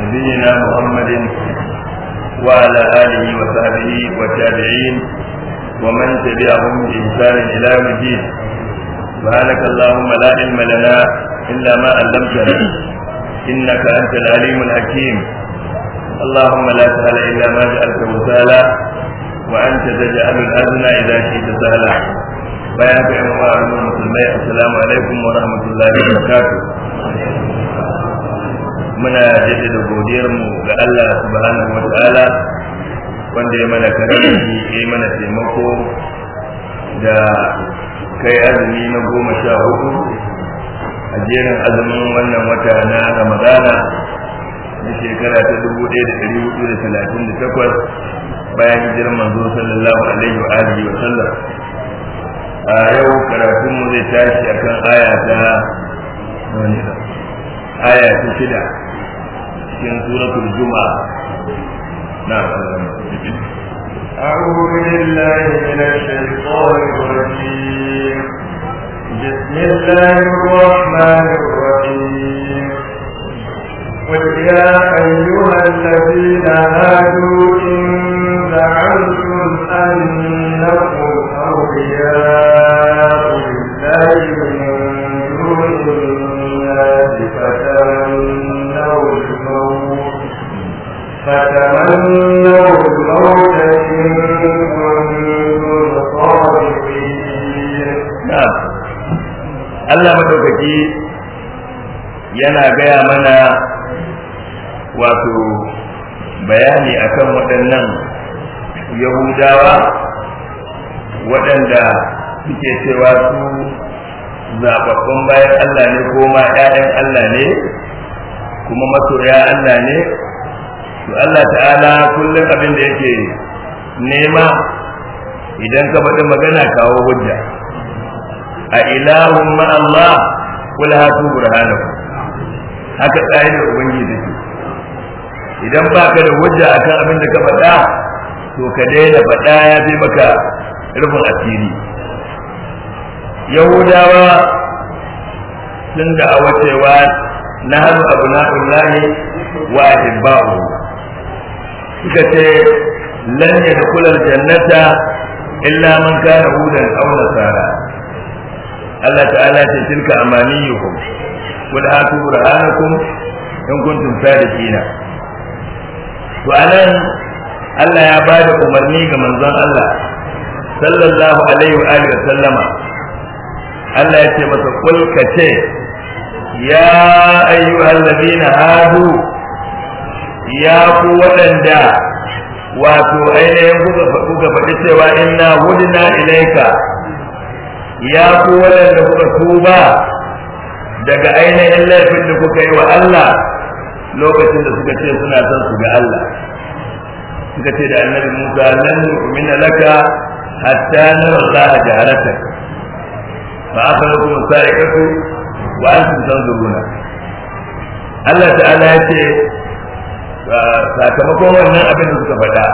نبينا محمد وعلى آله وصحبه والتابعين ومن تبعهم بإحسان إلى يوم الدين سبحانك اللهم لا علم لنا إلا ما علمتنا إنك أنت العليم الحكيم اللهم لا سهل إلا ما جعلته سهلا وأنت تجعل الأذن إذا شئت سهلا بيان في عمر المسلمين السلام عليكم ورحمة الله وبركاته muna jaddada godiyar mu ga Allah subhanahu Ta'ala wanda ya mana karanci ya mana taimako da kai azumi na goma sha hudu a jerin azumin wannan wata na ramadana na shekara ta dubu ɗaya da ɗari hudu da talatin da takwas bayan hijirar manzo sallallahu alaihi wa alihi wa sallam a yau karatunmu zai tashi akan aya ta aya ta shida cikin suratul juma'a na أعوذ بالله من الشيطان الرجيم بسم الله الرحمن الرحيم قل يا أيها الذين هادوا إن زعمتم أنكم أولياء لله من دون الناس فتنظروا فتمنوا الموت إن كنتم صادقين yana gaya mana wato bayani akan waɗannan yahudawa waɗanda suke cewa su zababbun bayan Allah ne ko ma ‘ya'yan Allah ne kuma masoya Allah ne to Allah ta'ala kullum abin da yake nema idan ka faɗi magana kawo hujja a ilahun ma Allah kul hatu burhanakum haka tsaye da ubangiji idan ba ka da hujja akan abin da ka faɗa to ka daina faɗa ya fi maka rufin asiri yahudawa sun da a wacewa na hannu abu na'ullahi wa ahibba'u suka ce lan yadkhul aljannata illa man kana hudan aw nasara Allah ta'ala ce tilka amaniyukum qul hatu burhanakum in kuntum sadiqina to anan Allah ya bada umarni ga manzon Allah sallallahu alaihi wa alihi sallama Allah ya ce masa kul kace ya ayyuhal ladina hadu ya ku waɗanda wato ainihin kuka faɗi cewa inna hudna ilaika ya ku waɗanda kuka tuba daga ainihin laifin da kuka yi wa Allah lokacin da suka ce suna son su ga Allah suka ce da annabi Musa lan nu'mina laka hatta nara Allah jaharata fa akhadakum sa'ikatu wa antum tanzuruna Allah ta'ala ya ce sakamakon wannan abin da suka faɗa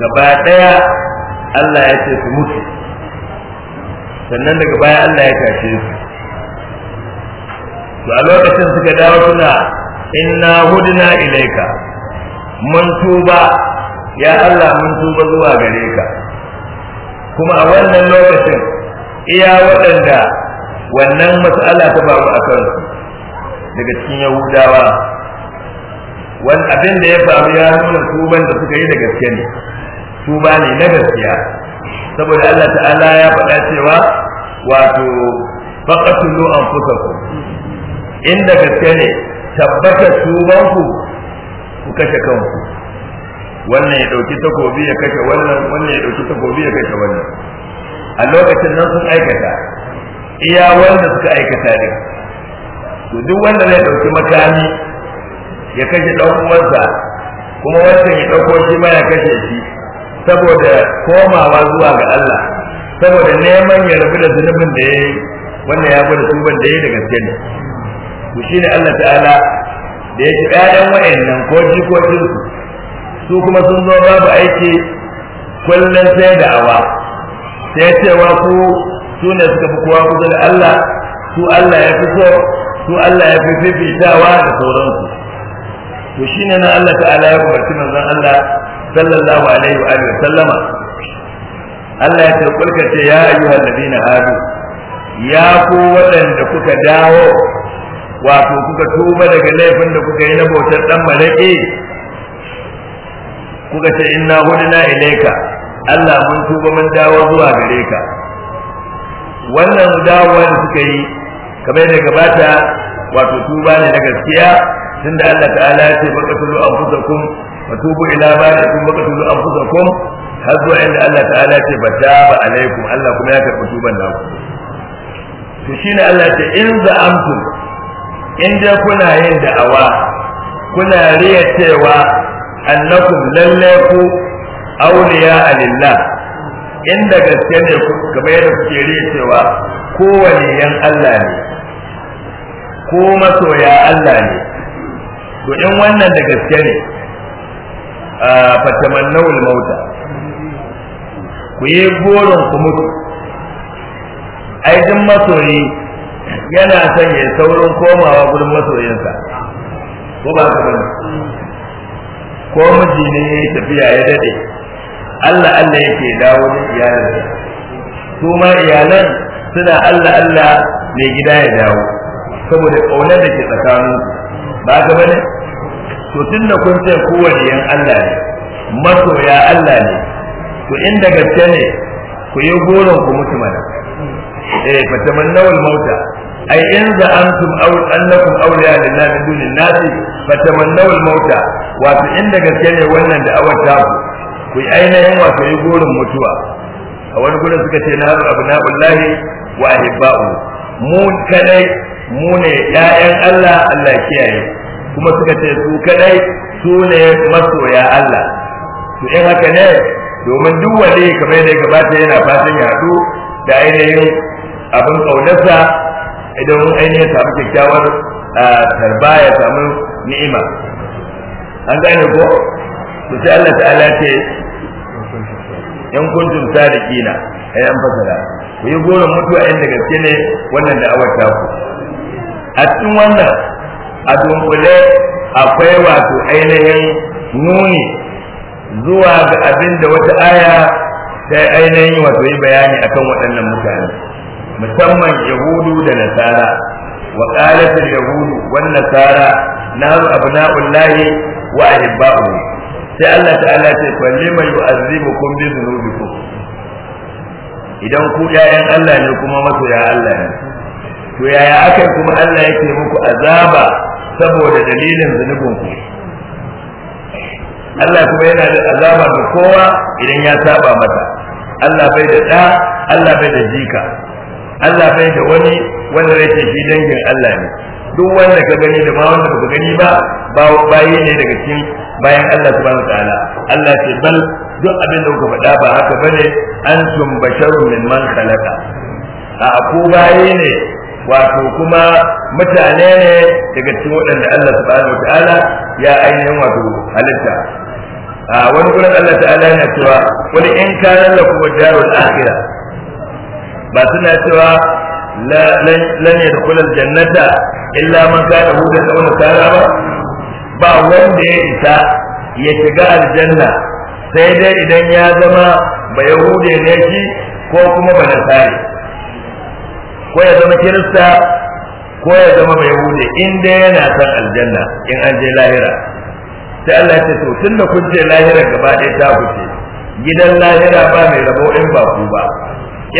gaba ɗaya Allah ya ce su mutu sannan daga baya Allah ya tashe su to a lokacin suka dawo suna inna hudna ilaika mun tuba ya Allah mun tuba zuwa gare ka kuma a wannan lokacin iya waɗanda wannan mas'ala ta babu a kansu daga cikin yahudawa wani abin da ya faru ya nuna tuban da suka yi da gaske ne tuba ne na gaskiya saboda Allah ta'ala ya faɗa cewa wato faqatulu anfusakum inda gaske ne tabbata tubanku ku kashe kanku wannan ya dauki takobi ya kashe wannan wannan ya dauki takobi ya kashe wannan a lokacin nan sun aikata iya wanda suka aikata din to duk wanda zai dauki makami ya kashe dan uwansa kuma wancan ya ɗauko shi ma ya kashe shi saboda komawa zuwa ga Allah saboda neman ya rabu da zunubin da ya yi wannan ya gwada tuban da ya yi da gaske ne shi ne Allah ta'ala da ya ci ƴaƴan nan ko jikokinsu su kuma sun zo babu aiki kullum sai da awa, sai cewa ku su ne suka fi kowa kusa da Allah su Allah ya fi so su Allah ya fi fifitawa da sauransu to shine na Allah ta'ala ya umarci manzon Allah sallallahu alaihi wa alihi sallama Allah ya ce kulka ce ya ayyuhal ladina hadu ya ku waɗanda kuka dawo wato kuka tuba daga laifin da kuka yi na bautar dan malaki kuka ce inna hudna ilaika Allah mun tuba mun dawo zuwa gare ka wannan dawowa da suka yi kamar da gabata wato tuba ne na gaskiya tunda Allah ta'ala ya ce faqatulu anfusakum wa tubu ila barikum faqatulu anfusakum har zuwa inda Allah ta'ala Ya ce ba taba alaikum Allah kuma ya karɓi tuban naku to shine Allah ce in za za'amtum in dai kuna yin da'awa kuna riya cewa annakum lalle ku awliya alillah da gaske ne ku kamar yadda kuke riya cewa ko 'yan Allah ne ko masoya Allah ne to in wannan da gaske ne a fatamannawul mauta ku yi goron ku mutu Aikin masoyi yana son saurin komawa gudun masoyinsa ko ba ka bane ko miji ne ya yi tafiya ya dade Allah Allah yake dawo da iyalansa su ma iyalan suna Allah Allah mai gida ya dawo saboda kaunar da ke tsakanin ba ka bane to tunda kun ce ku waliyan Allah ne masoya Allah ne to inda gaske ne ku yi goron ku mutu mana eh fa tamannawul mauta ay in za antum aw annakum awliya lillahi min dunin nasi fa tamannawul mauta wato inda gaske ne wannan da awata ku ku yi ainihin wato yi goron mutuwa a wani gurin suka ce na na abna'ullahi wa ahibba'u mu kadai mu ne 'ya'yan Allah Allah kiyaye kuma suka ce su kadai su ne masoya Allah to in haka ne domin duk wani kamar da ta yana fatan ya haɗu da ainihin abin kaunarsa idan ainihin samu kyakkyawar tarba ya samu ni'ima an gane ko to sai Allah ta'ala ce in kuntum sadiqina ai an fasara ku yi goron mutuwa inda gaske ne wannan da'awar ta ku a cikin wannan a dunkule akwai wato ainihin nuni zuwa ga abin da wata aya ta ainihin wato yi bayani akan waɗannan mutane musamman yahudu da nasara wa ƙalata yahudu wan nasara nahnu abna'ullahi wa ahibba'uhu sai Allah ta'ala ce mai fallima yu'azzibukum bi dhunubikum idan ku ya'yan Allah ne kuma masoya Allah ne to yaya aka kuma Allah yake muku azaba saboda dalilin zunubin ku Allah kuma yana da azaba ga kowa idan ya saba mata Allah bai da ɗa Allah bai da jika Allah bai da wani wanda yake shi dangin Allah ne duk wanda ka gani da ma wanda ka gani ba bayi ne daga cikin bayan Allah subhanahu wataala Allah ce bal duk abin da kuka faɗa ba haka bane antum basharun min man khalaqa a ku bayi ne wato kuma mutane ne daga cikin waɗanda Allah subhanahu wa ta'ala ya ainihin wato halitta a wani gurin Allah ta'ala yana cewa wani in kayan da kuma jarul akhira ba suna cewa lan ya dukula jannata illa man kana huda da wani tsara ba ba wanda ya isa ya shiga aljanna sai dai idan ya zama ba yahude ne shi ko kuma ba nasari ko ya zama kirista ko ya zama mai hude inda yana san aljanna in an je lahira sai Allah ya to tun da kun je lahira gaba ɗaya ta kuce gidan lahira ba mai rabo in ba ku ba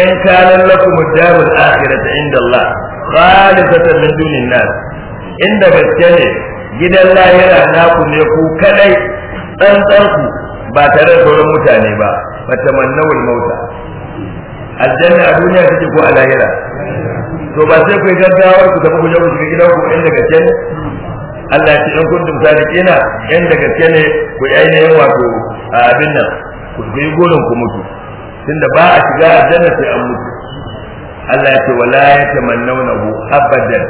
in kalan lakum darul akhirata inda Allah khalisatan min dunin nas inda gaske ne gidan lahira naku ne ku kadai dan ku ba tare da sauran mutane ba fatamannawul mauta aljanna a duniya take ko a lahira to ba sai kai gaggawar ku tafi ku je ku shiga gidan ku inda gaske ne Allah ya ce in kuntum sadiqina inda gaske ne ku ainihin wato abin nan ku yi gurin ku mutu tunda ba a shiga aljanna sai an mutu Allah ya ce wala yatamannawnahu abadan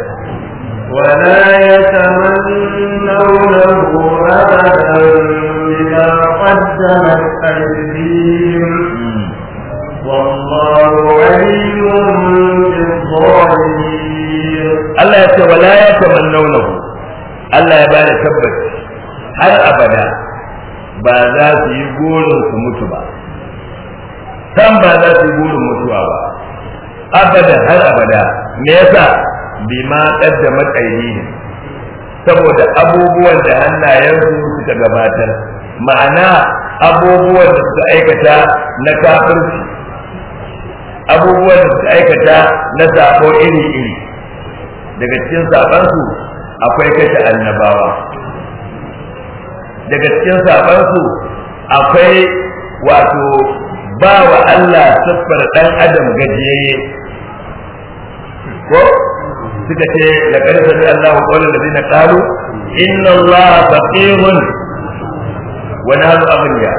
wala yatamannawnahu abadan bima qaddamat aydihim Allah ya ce wala ya tamannawnahu Allah ya bada tabbaci har abada ba za su yi gonin su mutu ba san ba za su yi gonin mutuwa ba abada har abada me yasa bima qaddamat aydihim saboda abubuwan da hannayensu suka gabatar ma'ana abubuwan da suka aikata na kafirci abubuwan da suka aikata na sako iri-iri daga cikin sabansu akwai kashe annabawa daga cikin sabansu akwai wato ba wa Allah siffar ɗan adam gajiyayye ko suka ce da ƙarfi da Allah wa ƙaunar da zina ƙalu inna Allah faƙihun wani hannu abin ya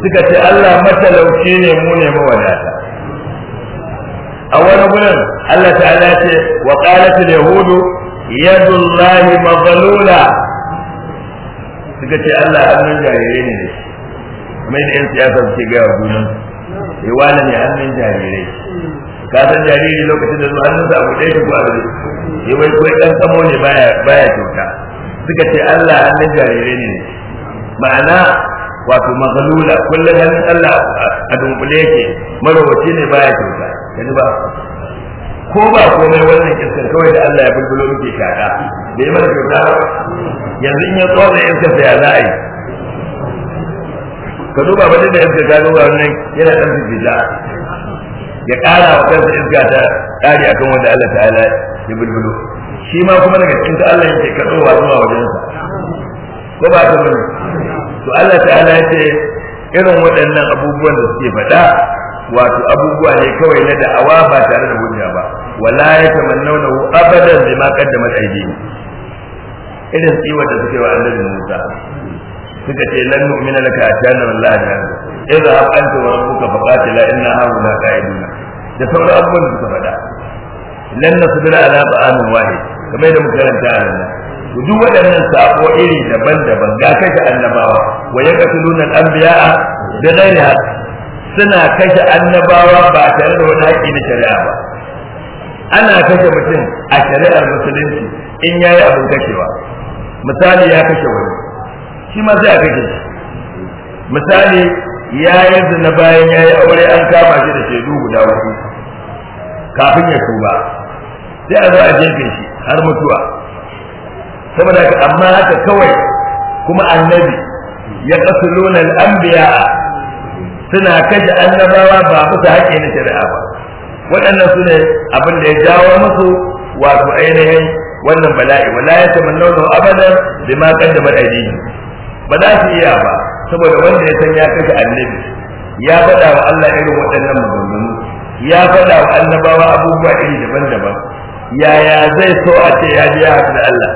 suka ce Allah matalauci ne mu ne mawadata a wani gurin Allah ta'ala ce wa qalat yahudu yadullahi maghlula suka ce Allah hannun jarirai ne mai da 'yan siyasa suke gaya wa ya eh, wani ne hannun jarirai ka san jariri lokacin da zuwa abu ɗaya ta kwazo ya ɗan samo ne baya kyauta suka ce Allah hannun jarirai ne ma'ana wato maghlula kullum hannun Allah a dunkule yake marowaci ne baya kyauta kaji ba ko ba komai wannan iskar kawai da Allah ya bulbulo muke shaka da ya mana kyauta yanzu in ya tsotsa iskar da ya za yi ka duba ba da iskar ka duba wannan yana kan fita ya ƙara wa kansa iska ta ƙari akan wanda Allah ta'ala ya bulbulo shi ma kuma daga cikin ta Allah yake wa zuwa sa ko ba ta bane to Allah ta'ala ya ce irin waɗannan abubuwan da suke faɗa wato abubuwa ne kawai na da'awa ba tare da hujja ba wala ya tamannawna abadan bima qaddama aidi irin tsiwa da suke wa annabi Musa suka ce lan nu'mina laka atana wallahi da idza hab anta wa rabbuka faqatila inna hauna qaidina da sauran abubuwan da suka faɗa lan nasbira ala ba'an wahid kamar da muka karanta a nan to duk waɗannan sako iri daban-daban ga kashe annabawa wa yaqtuluna al-anbiya'a da ghairi haqq suna kashe annabawa ba tare da wani haƙƙi na shari'a ba ana kashe mutum a shari'ar musulunci in ya yi abin kashewa misali ya kashe wani shi ma sai a kashe shi misali ya yi zina bayan ya yi aure an kama shi da shaidu guda hudu kafin ya tuba sai a zo a jefe shi har mutuwa saboda amma haka kawai kuma annabi ya biya a. suna kashe annabawa ba musu haƙƙi na shari'a ba waɗannan su ne abin da ya jawo musu wato ainihin wannan bala'i wala ya abada abadan bima qaddamat aydihim ba za su iya ba saboda wanda ya san ya kashe annabi ya faɗa wa Allah irin waɗannan maganganu ya faɗa wa annabawa abubuwa iri daban-daban yaya zai so a ce ya ji ya haɗu da Allah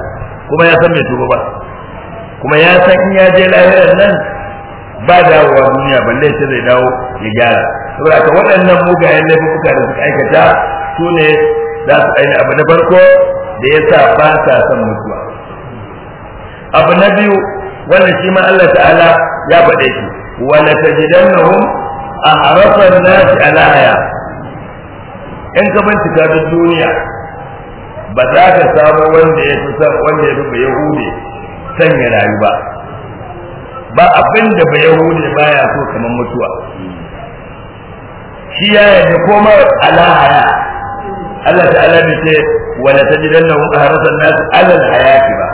kuma ya san mai tuba ba kuma ya san in ya je lahirar nan ba dawowa duniya balle sai zai dawo ya gyara saboda ka waɗannan mugayen laifuka da suka aikata su ne za su aini abu na farko da ya sa ba sa son mutuwa abu na biyu wanda shi ma Allah ta'ala ya faɗe shi wa la tajidannahum ahrafa an-nas ala haya in ka bincika duk duniya ba za ka samu wanda ya fi wanda ya fi yahude sanya rayu ba ba abin da ba yahudi baya so kamar mutuwa shi ya yarda koma alahaya Allah ta bai ce wala tajidannahum ahrasan nas alal hayati ba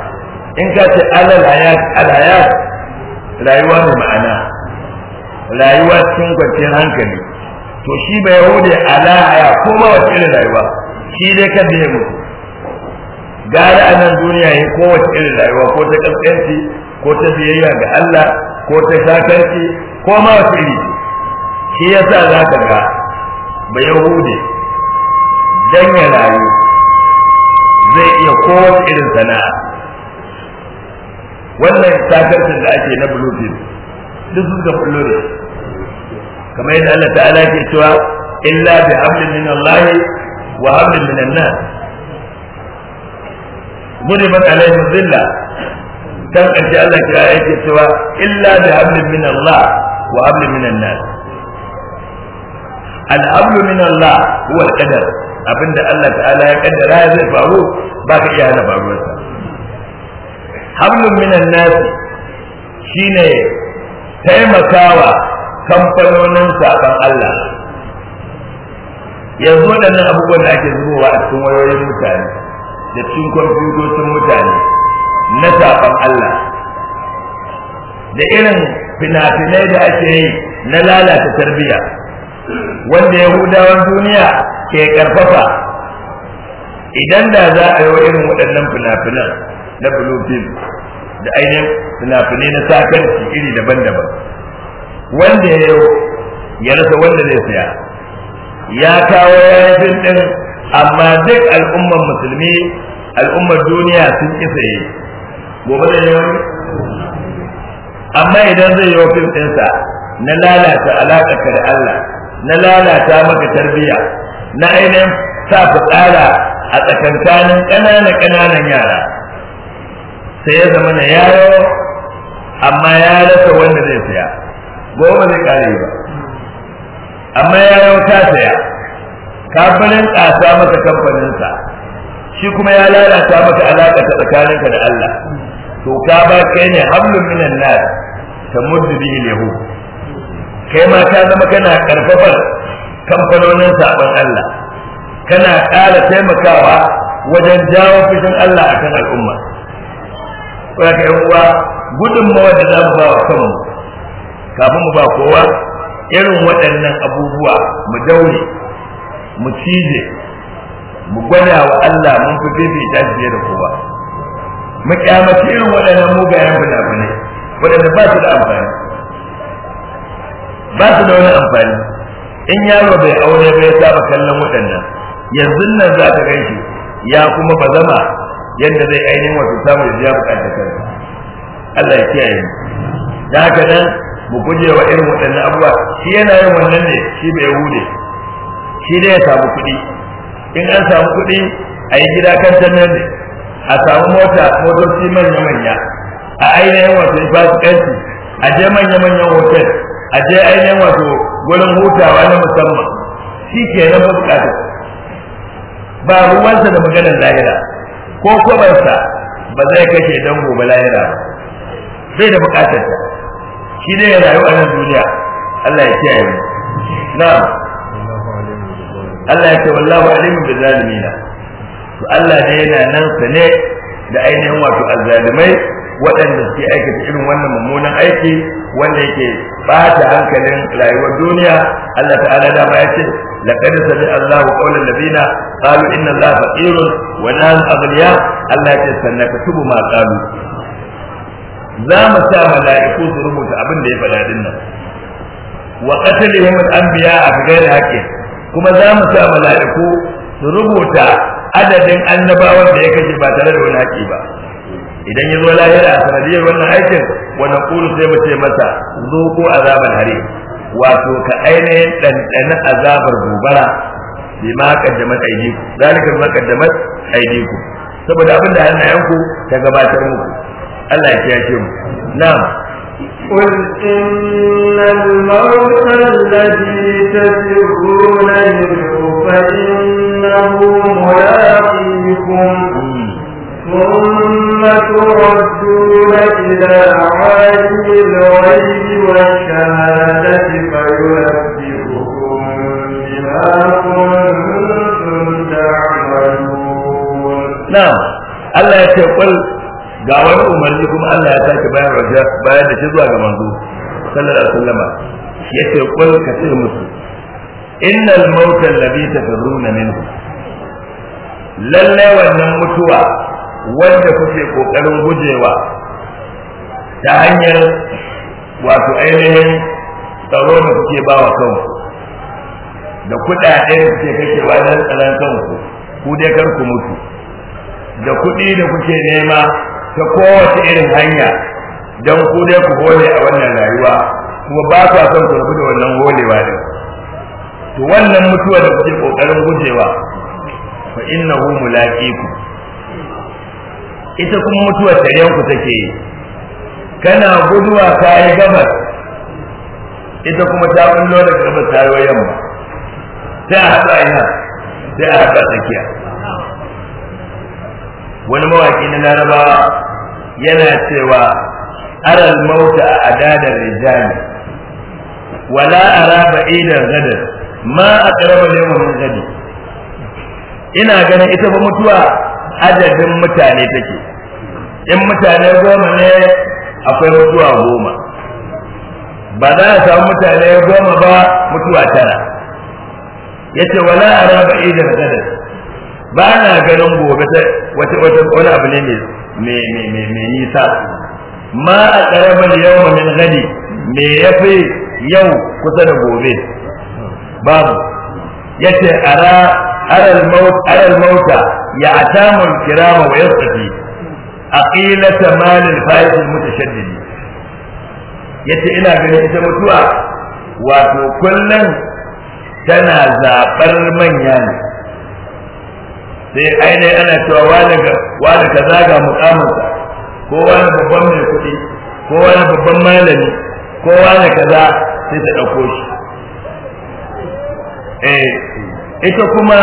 in ka ce alal hayat al rayuwa mai ma'ana rayuwa cikin kwanciyar hankali to shi ba yahudi ala haya ko ma rayuwa shi dai ka ya mutu gara a nan duniya ya kowace irin rayuwa ko ta kaskanci ko ta biyayya ga Allah ko ta shakarci ko ma wasu iri shi ya sa za ka ga ba hude. dan ya rayu zai iya kowace irin sana'a wannan shakarcin da ake na bulutin duk suka fullo da kamar yadda Allah ta'ala ke cewa illa bi hablin min Allah wa hablin min an-nas ضربت عليهم الذلة كان قد الله كرايات سوى إلا بحبل من الله وحبل من الناس الحبل من الله هو القدر abin da Allah ta'ala ya kaddara ya zai faru ba ka iya hana faruwarsa hablun minan nasi shine taimakawa kamfanonin saban Allah yanzu waɗannan abubuwan da ake zubowa a cikin wayoyin mutane da cikin kwamfutocin mutane na saban Allah da irin fina-finai da ake yi na lalata tarbiyya wanda yahudawan duniya ke karfafa idan da za a yi wa irin waɗannan fina-finan na bulofin da ainihin fina-finai na sakarci iri daban-daban wanda ya rasa wanda zai saya ya kawo yanayin ɗin amma duk al'ummar musulmi al'ummar duniya sun ki yi, gobe da yau amma idan zai yi fim ɗinsa na lalata alaƙarka da Allah na lalata maka tarbiyya na ainihin sa fitsara a tsakankanin ƙananan ƙananan yara sai ya zama na yaro amma ya rasa wanda zai saya gobe zai kare ba amma yaro ta saya kafirin ƙasa masa kamfaninsa shi kuma ya lalata maka alaƙa ta tsakaninka da Allah to ka ba kai ne hablum minan nas muddu bihi yahud kai ma ka zama kana karfafar kamfanonin saban Allah kana ƙara taimakawa wajen jawo fushin Allah akan al'umma saboda yan uwa gudunmawa da za mu ba wa kanmu kafin mu ba kowa irin waɗannan abubuwa mu daure mu cije mu gwada wa Allah mun fi da jiye da kowa mu kyamaci irin waɗannan mugayen fina-finai waɗanda ba su da amfani ba su da wani amfani in yaro bai aure ba ya saba kallon waɗannan yanzu nan za ka ganshi ya kuma ba zama yadda zai ainihin wasu samun ya biya bukatar kai Allah ya kiyaye da haka nan mu guje wa irin waɗannan abubuwa shi yana yin wannan ne shi bai hude shi dai ya samu kuɗi in an samu kuɗi a yi gida kan tannan ne a samu mota motoci manya-manya a ainihin wato ƙarfi a je manya-manyan hotel a je ainihin wato gurin hutawa na musamman shi ke nan ba bukatar ba ruwansa da maganar lahira ko kwabarsa ba zai kashe don gobe lahira bai da bukatar ta shi ne ya rayu a nan duniya Allah ya kiyaye mu na'am Allah ya ce wallahu alimun bil zalimina to Allah ne yana nan sane da ainihin wato azzalimai waɗanda suke aikata irin wannan mummunan aiki wanda yake bata hankalin rayuwar duniya Allah ta'ala da ma yace laqad sami Allahu qawlan ladina qalu inna Allaha faqirun wa nahnu aghniya Allah ya sanna ka tubu ma qalu za mu sa mala'iku su rubuta abin da ya faɗa dinnan wa qatalihim al-anbiya bi ghairi haqqin kuma za mu sa mala'iku su rubuta adadin annabawan da ya kashe ba tare da wani haƙi ba idan ya zo lahira a sanadiyar wannan aikin wani kulu sai mu ce masa ko azabar hare wato ka ainihin ɗanɗana azabar gobara bima qaddamat aydikum zalika bima qaddamat aydikum saboda abin da hannayenku ta gabatar muku Allah ya kiyaye mu na'am قل إن الموت الذي تسرون منه فإنه ملاقيكم ثم تردون إلى عالم الغيب والشهادة فينبئكم بما كنتم تعملون نعم الله يقول ga wani umarni kuma Allah ya sake bayar da bayar da shi zuwa ga manzo sallallahu alaihi wasallama yace kul ka ce musu innal mauta alladhi tafirruna minhu lalle wannan mutuwa wanda kuke kokarin gujewa ta hanyar wato ainihin tsaro da kuke ba wa kanku da kuɗaɗe da kuke kashewa wajen tsaron kanku ku dai kar ku mutu da kuɗi da kuke nema ta kowace irin hanya don ku dai ku hole a wannan rayuwa kuma ba ku son ku rabu da wannan holewa ne, to wannan mutuwa da kuke kokarin gujewa fa innahu mulaqiku ita kuma mutuwa ta yanku take kana guduwa kai gabas ita kuma ta bullo da gabas ta yamma sai a haɗa ina sai a haɗa tsakiya wani mawaki na larabawa yana cewa aral mauta a adadar rijali wala araba idan gadar ma a karaba lemun gadi ina ganin ita ba mutuwa adadin mutane take in mutane goma ne akwai mutuwa goma ba za a samu mutane goma ba mutuwa tara yace wala araba idan gadar ba na ganin gobe ta wata wata wani abu ne mai nisa ma a ƙaramar yau min gani me ya fi yau kusa da gobe babu ya ce ara aral mauta ya atamun kirama wa yasafi aqilata malil faiz mutashaddidi yace ina ganin ita mutuwa wato kullum tana zabar manya ne sai aine ana cewa wani ga wani kaza ga mukaminsa ko wani babban mai kuɗi ko wani babban malami ko wani kaza sai ta ɗauko shi eh, ita kuma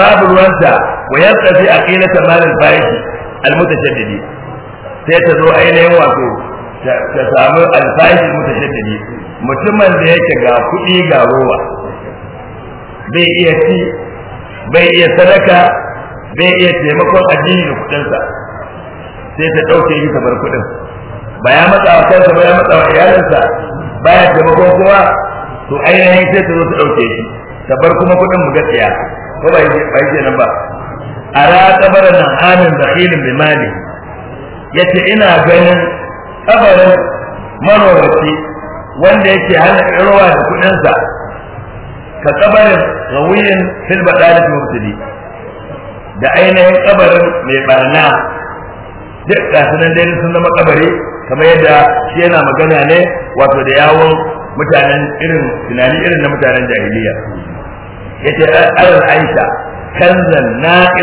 babu ruwanta wa yastati aqilata malin bayti almutashaddidi sai ta zo ainihin wato ta samu alfahishin mutashaddidi mutumin da yake ga kuɗi ga rowa bai iya ci bai iya sadaka bai iya taimakon addini da kuɗinsa sai ta ɗauke shi ta bar kuɗin ba ya matsa wa kansa ba ya matsa wa iyalinsa ba ya taimakon kowa to ainihin sai ta zo ta ɗauke shi ta bar kuma kuɗin mu gaskiya ko ba yi nan ba a rakabarar nan amin da filin bai mali ya ce ina ganin kabarin marowaci wanda yake hana ƙirwa da kuɗinsa ka kabarin rawiyin filba ɗalibin mutane da ainihin kabarin mai barna duk gasu nan dai sun zama kabari kamar yadda shi yana magana ne wato da yawon mutanen irin tunani irin na mutanen jahiliya ce alal aisha kanzan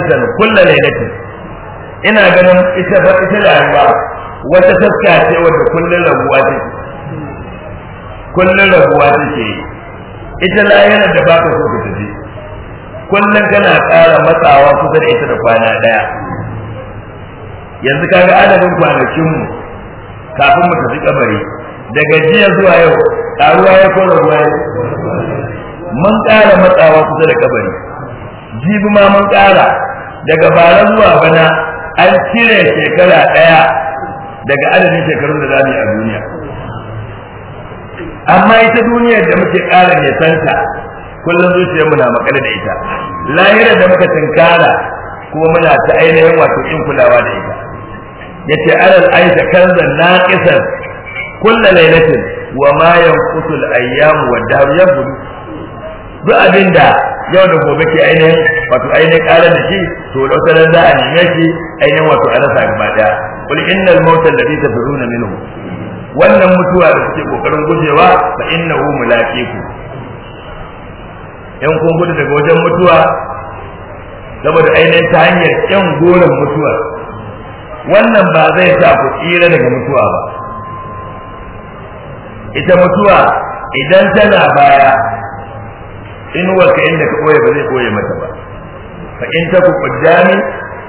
isar kulla lailatin ina ganin ita ba ita ba wata taska ce wata kullun rabuwa ce kullun rabuwa ce ita layanar da baka so ka tafi kullum kana ƙara matsawa kusa da ita da kwana ɗaya yanzu kaga adadin kwanakinmu kafin mu tafi kabari daga jiya zuwa yau ƙaruwa ya kora ruwa mun ƙara matsawa kusa da kabari jibi ma mun ƙara daga bara zuwa bana an cire shekara ɗaya daga adadin shekarun da za yi a duniya amma ita duniyar da muke ƙara nisanta kullum zuciyar mu na makale da ita lahira da muka tinkara kuma muna ta ainihin wato in kulawa da ita yace alal aisha kanzan naqisan kullu lailatin wa ma yanqutul ayyam wa daru yabudu duk abinda yau da gobe ke ainihin wato ainihin karar da shi to lokacin za a neme shi ainihin wato a rasa gaba daya kul innal mauta alladhi tafiruna minhu wannan mutuwa da kuke kokarin gujewa fa innahu mulaqiku yan kun gudu daga wajen mutuwa saboda ainihin ta hanyar yan goron mutuwa wannan ba zai sa ku tsira daga mutuwa ba ita mutuwa idan tana baya in waka inda ka koya ba zai koya mata ba fa in ta ku qaddami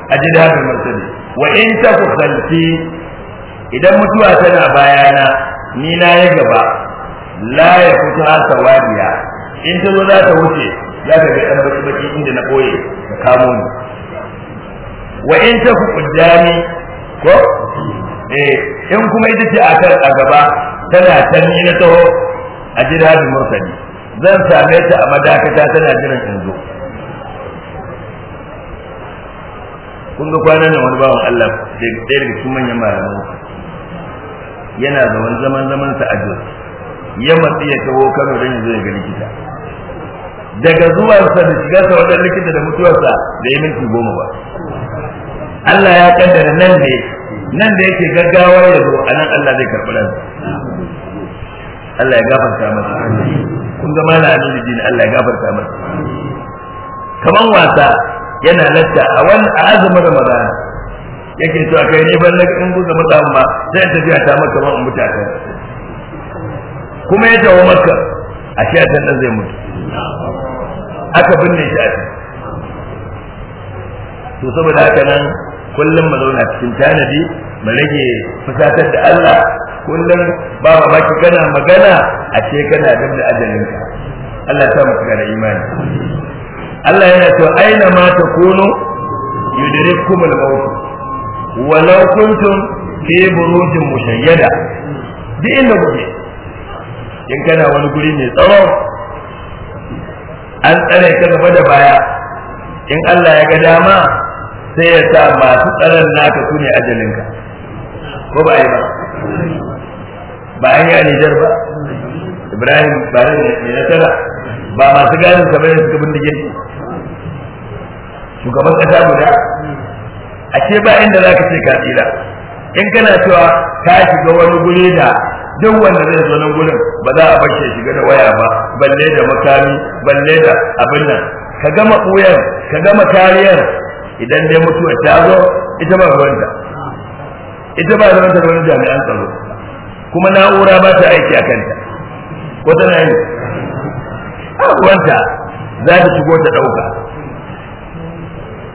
a bil marsali wa in ta ku khalfi idan mutuwa tana bayana ni na ya gaba la ya fita sawadiya in ta zo za ta wuce za ka ga ɗan baki baki inda na ɓoye da kamo ni wa in ta ku ƙudjani ko eh in kuma ita ce a kan a gaba tana can ni na taho a jira da murtani zan same ta a madakata tana jiran in zo kun ga kwanan nan wani bawan Allah da ɗaya daga cikin manyan malaman yana zaman zaman zaman sa a Jos ya matsi ya taho Kano don ya zo ya ga likita daga zuwansa da shigarsa wajen likita da mutuwarsa da yi minti goma ba Allah ya kaddara nan ne nan da yake gaggawa ya zo a nan Allah zai karɓi ransa Allah ya gafarta masa kun ga mala abin da jini Allah ya gafarta masa kaman wasa yana latta a wani a azumin Ramadan yake cewa kai ne ban laka in buga mutan ba sai ta tafiya ta maka ban mutaka kuma ya dawo maka a shi a zai mutu aka binne shi a to saboda haka nan kullum mu zauna cikin tanadi mu rage fusatar da Allah kullum ba baki kana magana a ce kana da ajalin ka Allah ta muku da imani Allah yana cewa aina ma takunu al maut walau kuntum fi burujin mushayyada duk inda kuke in kana wani guri mai tsaro an tsare ka gaba da baya in Allah ya ga dama sai ya sa masu tsaron naka su ne ajalinka ko ba yi ba ba an yi a Nijar ba Ibrahim ba ne mai nasara ba masu ganin sa bane suka bindige shi shugaban kasa guda a ce ba inda za ka ce ka tsira in kana cewa ka shiga wani guri da duk wanda zai zo nan gurin ba za a bashe shiga da waya ba balle da makami balle da abin nan ka gama ɓuyar ka gama kariyar idan dai mutuwar ta zo ita ba ruwanta ita ba ruwanta da wani jami'an tsaro kuma na'ura ba ta aiki a kanta ko tana yi a ruwanta za ta shigo ta ɗauka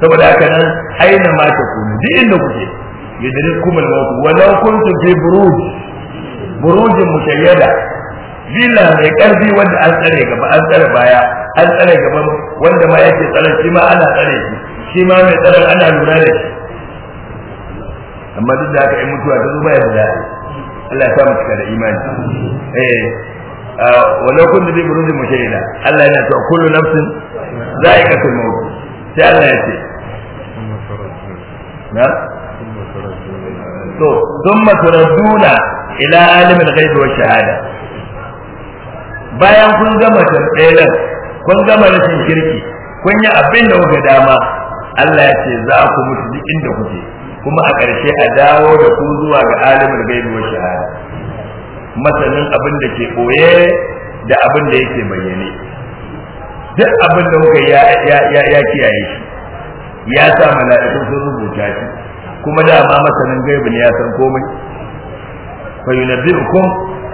saboda haka nan aina ma ta kuma duk inda kuke yadda kuma da wasu walau kuntum fi buruj burujin mushayyada villa mai karfi wanda an tsare gaba an tsare baya an tsare gaba wanda ma yake tsare shi ma ana tsare shi shi ma mai tsare ana lura da shi amma duk da haka in mutuwa ta zuba ya da Allah ya sa mu cika da imani eh walau kun da burujin mushayyada Allah yana cewa kullu nafsin za'iqatul maut sai Allah ya ce na to thumma turaduna ila alimin ghaibi wa shahada bayan kun gama tantsailan kun gama rashin kirki kun yi abin da kuka dama Allah ya ce za ku mutu duk inda kuke kuma a ƙarshe a dawo da ku zuwa ga alimin ghaibi wa shahada masanin abin da ke koye da abin da yake bayyane duk abin da kuka ya ya ya kiyaye shi ya sa mala'iku sun rubuta shi kuma da ma masanin gaibi ne ya san komai fa yunabbi'ukum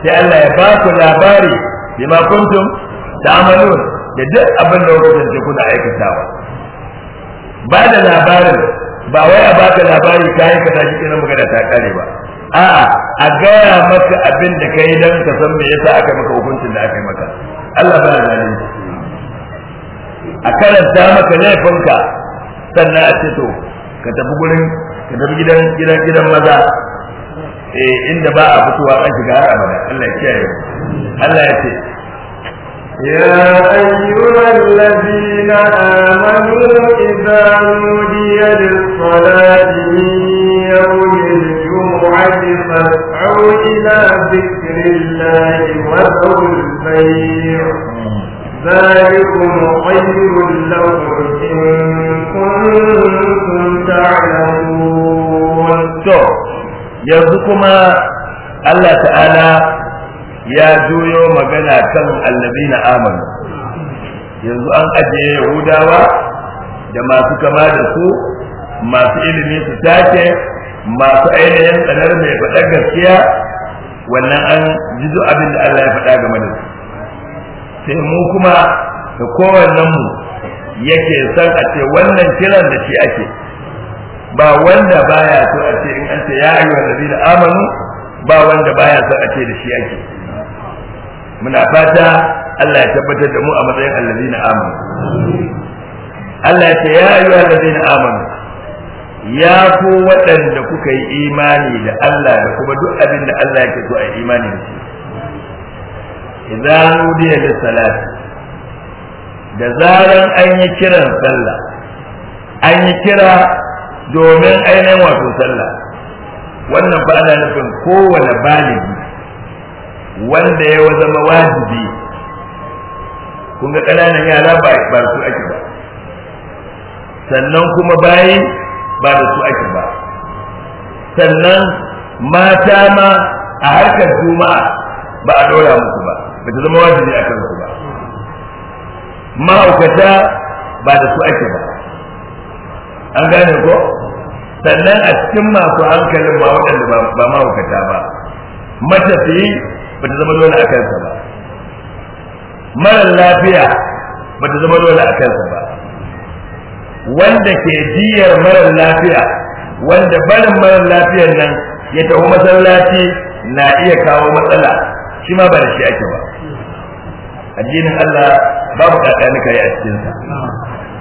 sai Allah ya ba ku labari bima kuntum ta'malun da duk abin da kuka tantance kuna aikatawa ba da labarin ba wai a baka labari ka yi kaza shi nan magana ta kare ba a'a a gaya maka abin da kai dan ka san me yasa aka maka hukuncin da aka maka Allah ba zalimi a karanta maka laifinka sannan a ce to ka tafi gurin ka tafi gidan gidan maza eh inda ba a fitowa an shiga har abada Allah ya kiyaye Allah ya ce يا أيها الذين آمنوا إذا نودي للصلاة من يوم الجمعة فاسعوا إلى ذكر الله وذروا البيع ذلكم خير لكم إن كنتم تعلمون yanzu kuma Allah ta'ala ya juyo magana kan allazina amanu yanzu an ajiye yahudawa da masu kama da su masu ilimi su take masu ainihin tsanar mai faɗa gaskiya wannan an ji duk abin da Allah ya faɗa ga da sai mu kuma da kowannen mu yake san a ce wannan kiran da shi ake ba wanda baya so a ce in an ce ya ayyuhal ladina amanu ba wanda baya so a ce da shi ake muna fata Allah ya tabbatar da mu a matsayin alladina amanu Allah ya ce ya ayyuhal ladina amanu ya ku waɗanda kuka yi imani da Allah da kuma duk abin da Allah yake so a yi imani da shi idan nudiya da salati da zaran an yi kiran sallah an yi kira domin ainihin wato sallah wannan ba ana nufin kowane baligi wanda ya zama wajibi kun ga ƙananan yara ba ba su ake ba sannan kuma bayi ba da su ake ba sannan mata ma a harkar juma'a ba a ɗora musu ba ba ta zama wajibi a kansu ba ma'aukata ba da su ake ba an gane ko sannan a cikin masu hankalin ba waɗanda ba mahaukata ba matafiyi ba ta zama dole a kansa ba marar lafiya ba ta zama dole a kansa ba wanda ke jiyar marar lafiya wanda barin marar lafiyar nan ya tafi masallaci na iya kawo matsala shi ma ba da shi ake ba addinin Allah babu ni kai a cikinsa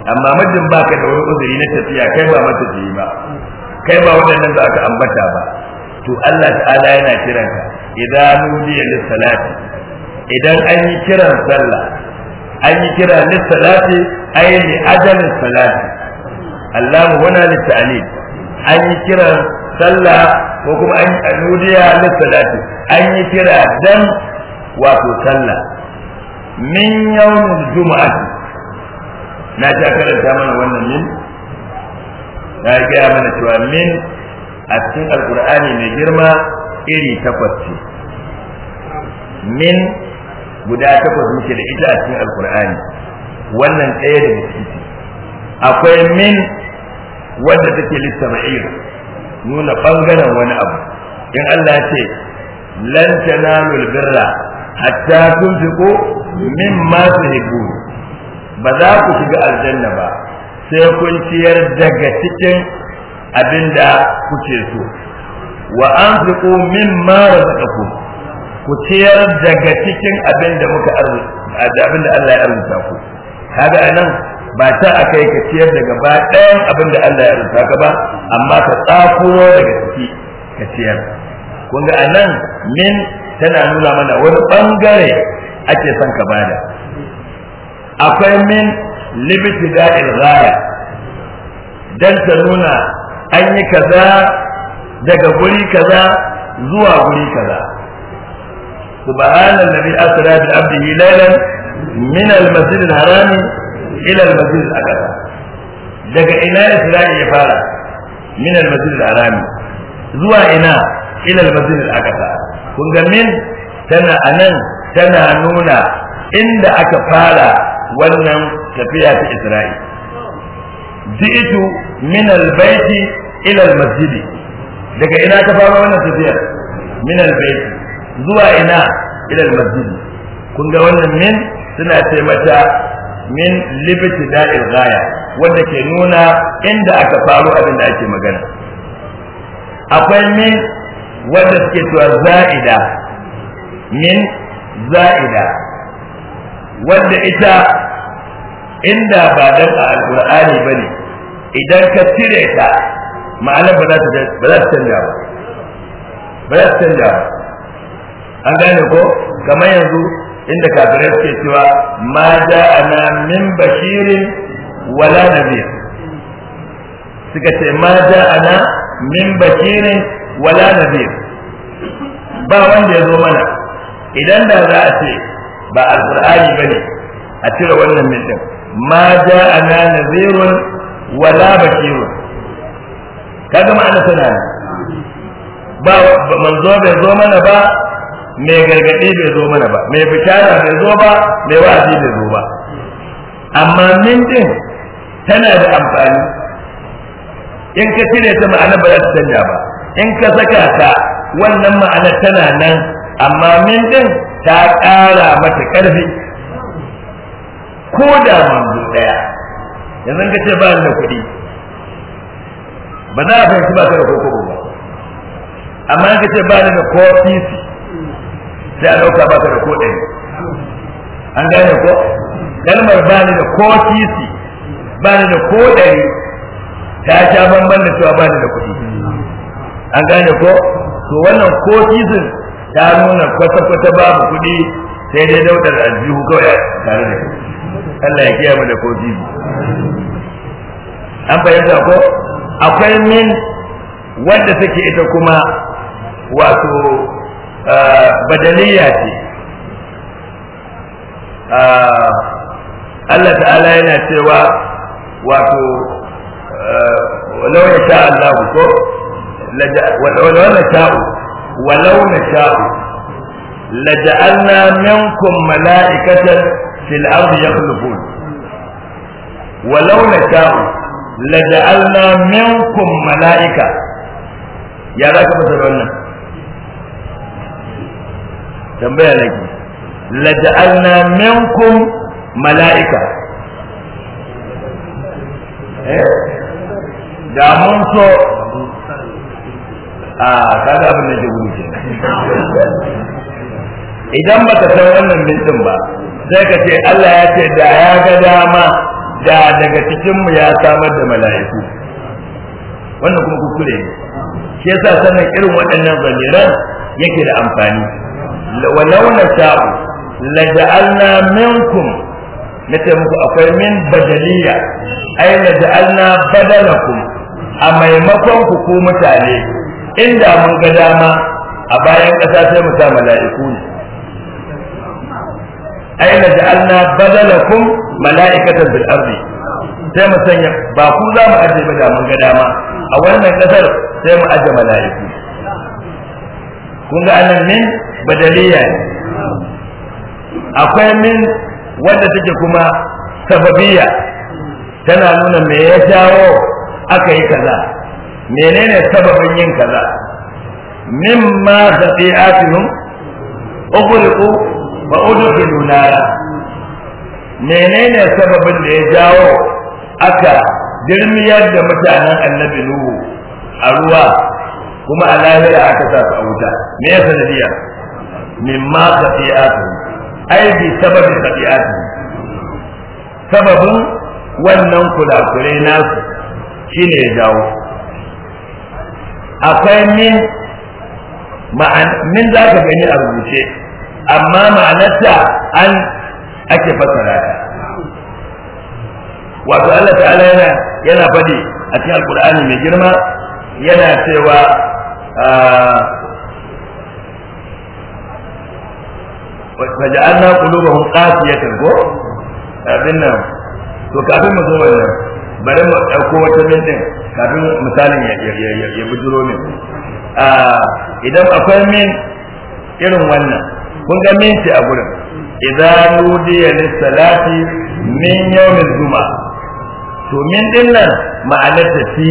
amma majin ka da wani uzuri na tafiya kai ba matafiyi ba kai ba waɗannan da aka ambata ba to Allah ta'ala yana kiran ka. idan nudiya lissalati idan an yi kiran sallah an yi kira lissalati ay li ajalin salati Allah wana litta'ani an yi kiran sallah ko kuma an yi nudiya lissalati an yi kira dan wato sallah min yawmul jumu'ati na ta karanta mana wannan min na gaya mana cewa min a cikin alkur'ani mai girma iri takwas ce min guda takwas muke da ita a cikin alkur'ani wannan ɗaya daga ciki akwai min wadda take littaba'ir nuna ɓangaren wani abu in Allah ya ce lan tanalul birra hatta tunfiqu masu tuhibbun ba za ku shiga aljanna ba sai kun ciyar daga cikin abin da kuke so wa anfiqu mimma razaqakum ku ciyar daga cikin abin da muka abin da Allah ya arzuta ku kaga anan ba ta akai ka ciyar daga ba ɗayan abin da Allah ya arzuta ka ba amma ka tsakuro daga ciki ka ciyar kun anan min tana nuna mana wani bangare ake son ka bada akwai min libiti da'il ghaya dan ta nuna an yi kaza daga guri kaza zuwa guri kaza subhanan nabi asra bi abdihi laylan min al-masjid al-haram ila al-masjid al-aqsa daga ina isra'i ya fara min al-masjid zuwa ina ila al-masjid min tana anan tana nuna inda aka fara wannan tafiya ta Isra'il. ji'itu min albayti ila almasjid daga ina ta fara wannan tafiya min albayti zuwa ina ila almasjid kun ga wannan min suna ce mata min libti da'il ghaya wanda ke nuna inda aka faru abin da ake magana akwai min wanda suke cewa za'ida min za'ida wanda ita inda ba dan a alqur'ani bane idan ka cire ta ma'ana ba za ta ba za ta canja ba ba za ta canja ba an gane ko kamar yanzu inda kafirai suke cewa ma za a na min bashirin wala nabiyyin suka ce ma za a na min bashirin wala nabiyyin ba wanda ya zo mana idan da za a ce ba alqur'ani bane a cire wannan min din ma ja'ana nazirun wala bakirun kaga ma'ana sana ba manzo bai zo mana ba mai gargadi bai zo mana ba mai bishara bai zo ba mai wa'azi bai zo ba amma min din tana da amfani in ka cire ta ma'ana ba za ta canja ba in ka saka ta wannan ma'ana tana nan amma min din ta ƙara mata ƙarfi ko da manzo ɗaya yanzu ka ce ba da kuɗi ba za a fahimci ba ka da koko ba amma ka ce ba da ko fisi sai a ɗauka ba ka da ko ɗaya an gane ko kalmar ba da ko fisi ba da ko ɗari ta sha bamban da cewa ba da kuɗi an gane ko to wannan ko fisin ta nuna kwata-kwata babu kuɗi sai dai daudar aljihu kawai tare da shi Allah ya kiyaye mu da kofi an fahimta ko akwai min wanda take ita kuma wato badaliya ce Allah ta'ala yana cewa wato walau ya sha Allah ko walau ya ta'u. ولو نشاء لجعلنا منكم ملائكة في الأرض يخلفون ولو نشاء لجعلنا منكم ملائكة يا ذاك مثلنا تنبيه لك لجعلنا منكم ملائكة إيه؟ da mun so a kaga abin da ke gudu ke idan ba ka san wannan mintin ba sai ka ce Allah ya ce da ya ga dama da daga cikinmu ya samar da mala'iku wannan kuma kukure ne shi yasa sanin irin waɗannan zamiran yake da amfani wa na sha'u la ja'alna minkum nace muku akwai min badaliya ai la ja'alna badalakum a maimakon ku ku mutane inda mun ga dama a bayan ƙasa sai mu sa mala'iku ne aina ja'alna badalakum mala'ikatan bil ardi sai mu sanya ba ku za mu aje ba da mun ga dama a wannan ƙasar sai mu aje mala'iku kun ga anan min badaliya ne akwai min wanda take kuma sababiya tana nuna me ya jawo aka yi kaza menene sababin yin kaza mimma khati'atihim ughriqu ba udkhilu nara menene sababin da ya jawo aka girmiyar da mutanen annabi nuhu a ruwa kuma a lahira aka sa su a wuta me ya sanadiya mimma asinu. ai bi sababi asinu. sababin wannan kulakure nasu shine ya jawo akwai min ma'an min za ka gani a rubuce amma ma'anarta an ake fassara ta wato Allah ta'ala yana yana faɗi a cikin alqur'ani mai girma yana cewa ah, faja'alna qulubahum qasiyatan ko abinna to kafin mu zo wannan bari mu ɗauko wata min ɗin kafin misalin ya bujuro min ah, idan akwai min irin wannan kun ga minti a gurin idan nudiya salati min yawmin zuma to min din nan ma'anarta fi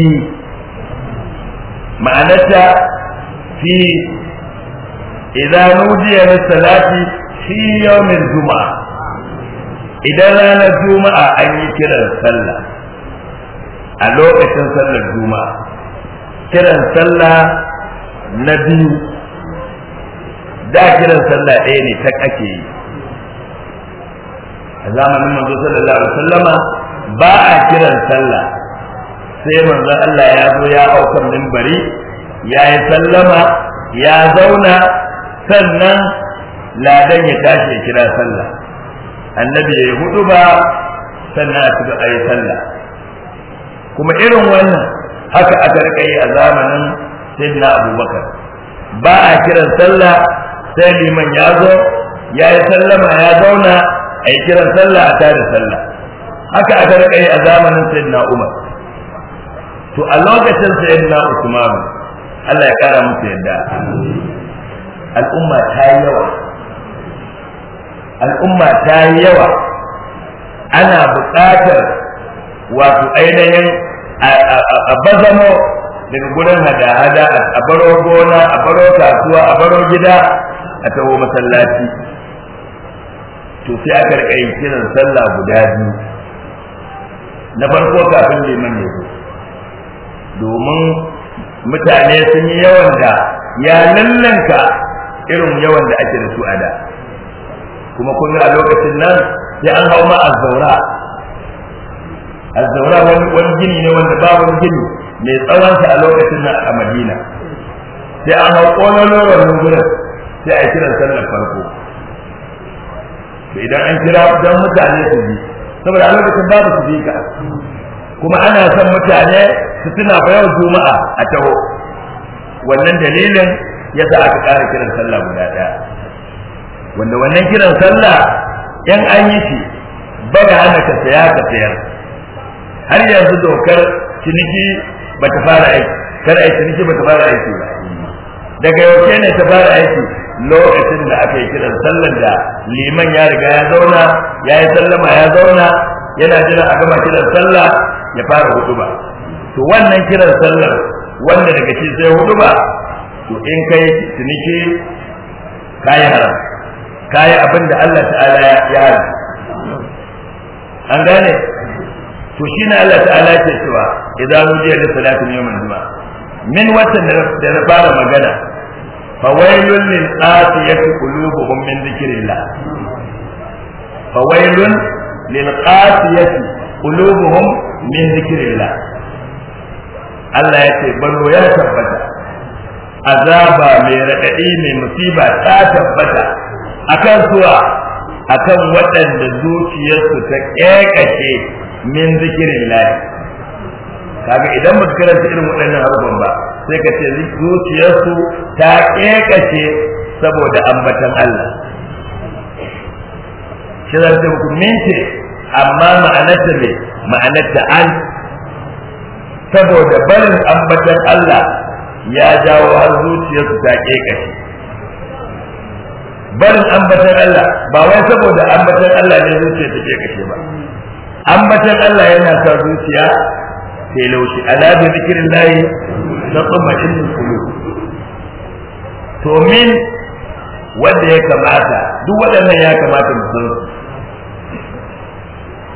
ma'anarta fi idan nudiya salati fi min zuma idan ranar juma'a an yi kiran sallah a lokacin sallar juma'a kiran sallah na biyu da kiran sallah ɗaya ne ta ake yi a zamanin manzo sallallahu alaihi wasallama ba a kiran sallah sai manzo Allah ya zo ya auka minbari ya yi sallama ya zauna sannan ladan ya tashi ya kira sallah annabi ya yi hudu ba sannan a ci a yi sallah kuma irin wannan haka aka rika yi a zamanin sayyidina abubakar ba a kiran sallah sai liman ya zo ya yi sallama ya zauna a yi kiran sallah a tare sallah haka aka rika yi a zamanin sayyidina umar to a lokacin sayyidina usman Allah ya kara musu yadda al'umma ta yi yawa al'umma ta yi yawa ana buƙatar wato ainihin a bazamo daga gurin hada-hada a baro gona a baro kasuwa a baro gida a taho masallaci to sai a kiran sallah guda biyu na farko kafin liman ne domin mutane sun yi yawan da ya lallanka irin yawan da ake da su a da kuma kun a lokacin nan sai an hau ma zaura. azzaura wani gini ne wanda babu gini mai tsawon sa a lokacin nan a madina sai a hau ƙololon wannan gurin sai a yi kiran sallar farko idan an kira don mutane su bi saboda a lokacin babu su bi ka kuma ana son mutane su tuna fa yau juma'a a taho wannan dalilin ya sa aka ƙara kiran sallah guda ɗaya wanda wannan kiran sallah 'yan an yi shi baga ana ka saya ka sayar har yanzu dokar ciniki ba ta fara aiki kar ai ciniki ba ta fara aiki ba daga yauke ne ta fara aiki lokacin da aka yi kiran sallar da liman ya riga ya zauna ya yi sallama ya zauna yana jira a gama kiran sallah ya fara ba. to wannan kiran sallar wanda daga shi sai ba, to in kai ciniki kayi haram kayi abin da Allah ta'ala ya yi an gane to shi na Allah ta'ala ke cewa idan nudiya da salatin yawmin juma'a min watan da na fara magana fa wailun lil qasiyati qulubuhum min dhikrillah fa wailun lil qasiyati qulubuhum min dhikrillah Allah ya ce balo ya tabbata azaba mai raɗaɗi mai musiba ta tabbata akan suwa akan waɗanda zuciyarsu ta ƙeƙashe min zikirin lahi kaga idan ba su karanta irin waɗannan harufan ba sai ka ce zuciyarsu ta ce saboda ambatan Allah shi za ce, muku mince amma ma'anarta ne ma'anarta an saboda barin ambatan Allah ya jawo har zuciyarsu ta ce. barin ambatan Allah ba wai saboda ambatan Allah ne ta take ce ba ambatan Allah yana sa zuciya ta yi laushi ala bi zikirin layi na tsammanin kulu to min wanda ya kamata duk waɗannan ya kamata mu san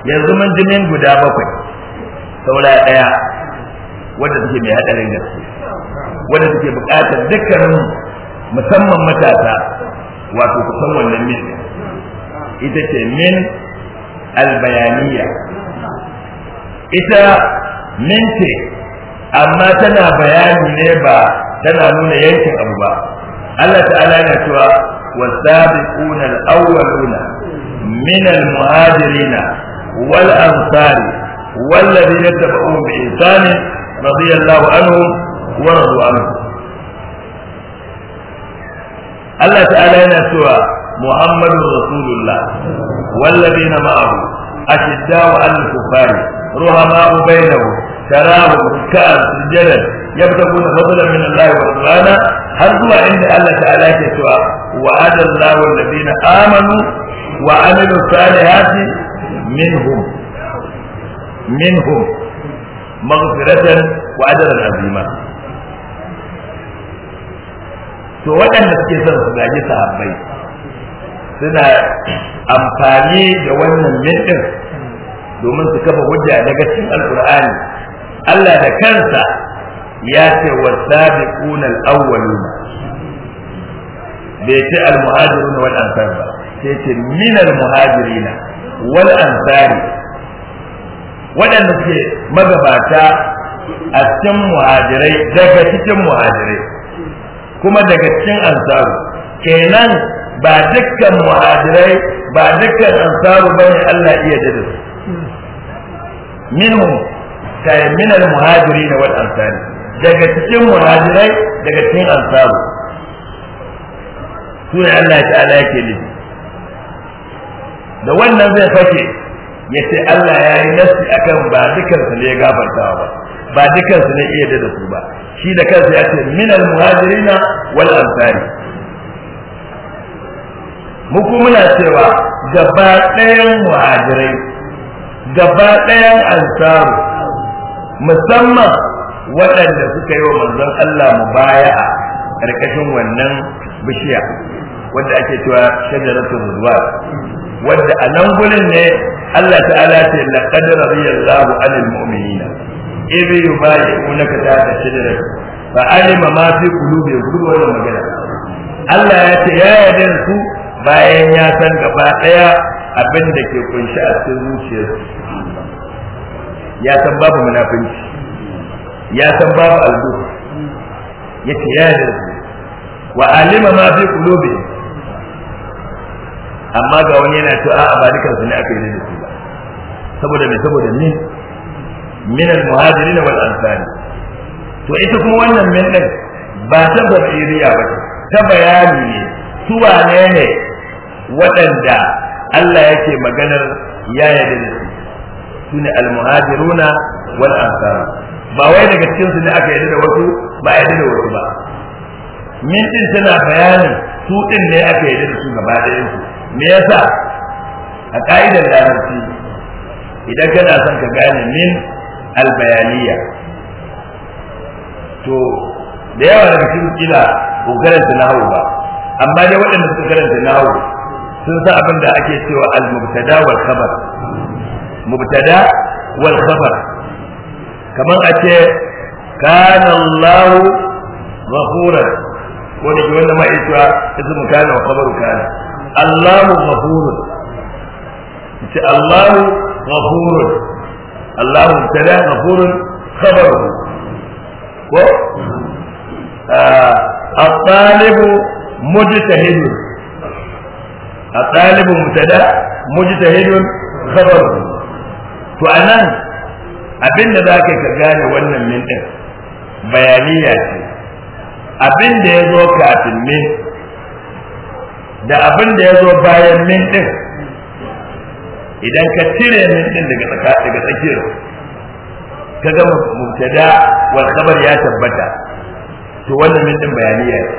yanzu mun ji guda bakwai saura ɗaya wadda take mai haɗarin gaske wadda take buƙatar dukkanin musamman matasa wato kusan wannan min ita ce min albayaniya ita min amma tana bayani ne ba tana nuna yankin abu ba Allah ta'ala yana cewa wasabiquna al-awwaluna والذين اتبعوهم بإحسان رضي الله عنهم ورضوا عنه Allah ta'ala yana محمد رسول الله والذين معه أشداء على الكفار رحماء بينهم تراهم ركعا سجدا يبتغون فضلا من الله ورضوانا هل هو عند الله تعالى كسوى وعد الله الذين آمنوا وعملوا الصالحات منهم منهم مغفرة وأجرا عظيما to waɗanda suke son su gaji sahabbai suna amfani da wannan yadin domin su kafa hujja daga cikin alkur'ani Allah da kansa ya ce wa sabiquna al-awwalun bai ce al-muhajirun wal ansar ba sai ce min al-muhajirin wal ansari waɗanda ke magabata a cikin muhajirai daga cikin muhajirai kuma daga cikin ansaru kenan ba dukkan muhajirai ba dukkan ansaru bane Allah iya dade su minhum kai min al muhajirin wal ansar daga cikin muhajirai daga cikin ansaru su ne Allah ta'ala yake nufi da wannan zai fake ya ce Allah ya yi nasi akan ba dukkan su ne ya gafartawa ba ba dukkan su ne iya da su ba shi da kansa ya ce minal muhajirina wal ansari mu muna cewa gaba ɗayan muhajirai gaba ɗayan ansaru musamman waɗanda suka yi wa manzon Allah mu baya a ƙarƙashin wannan bishiya wadda ake cewa shajaratul rizwa wadda a nan gurin ne Allah ta'ala ce laqad radiyallahu 'anil mu'minina idh yubayyi'unaka tahta shajarati fa alima ma fi qulubihim kullu magana Allah ya ce ya yarda su bayan ya san gaba daya abin da ke kunshi a cikin zuciyarsu ya san babu munafinci ya san babu albu ya ce ya da wa alima ma fi qulubi amma ga wani yana to a'a ba dukan su ne aka yi da su ba saboda me saboda ni min al-muhajirin wal ansari to ita kuma wannan min din ba ta basiriya ba ta bayani ne su wane ne waɗanda Allah yake maganar ya yarda da su ne almuhajiruna wal ansar ba wai daga cikin su ne aka yarda da wasu ba yarda da wasu ba min din tana bayanin su din ne aka yarda da su gaba ɗayan su me yasa a ka'idar larabci idan kana son ka gane min albayaniya to da yawa daga cikin kila ko na nahawu ba amma dai waɗanda suka na nahawu sun sa abin da ake cewa al-mubtada wal khabar mubtada wal khabar kamar a ce kana Allah ghafura ko da wannan ma ita ismu kana wa khabaru kana Allahu ghafurun ce Allahu ghafurun Allahu mubtada ghafurun khabaru ko الطالب ah, مجتهد الطالب مبتدا مجتهد خبر to anan abin da zaka ka gane wannan min din bayaniya ce abin da ya zo kafin min da abin da ya zo bayan min din idan ka cire min din daga tsaka daga tsakiyar ka ga mubtada wal khabar ya tabbata to wannan min din bayaniya ce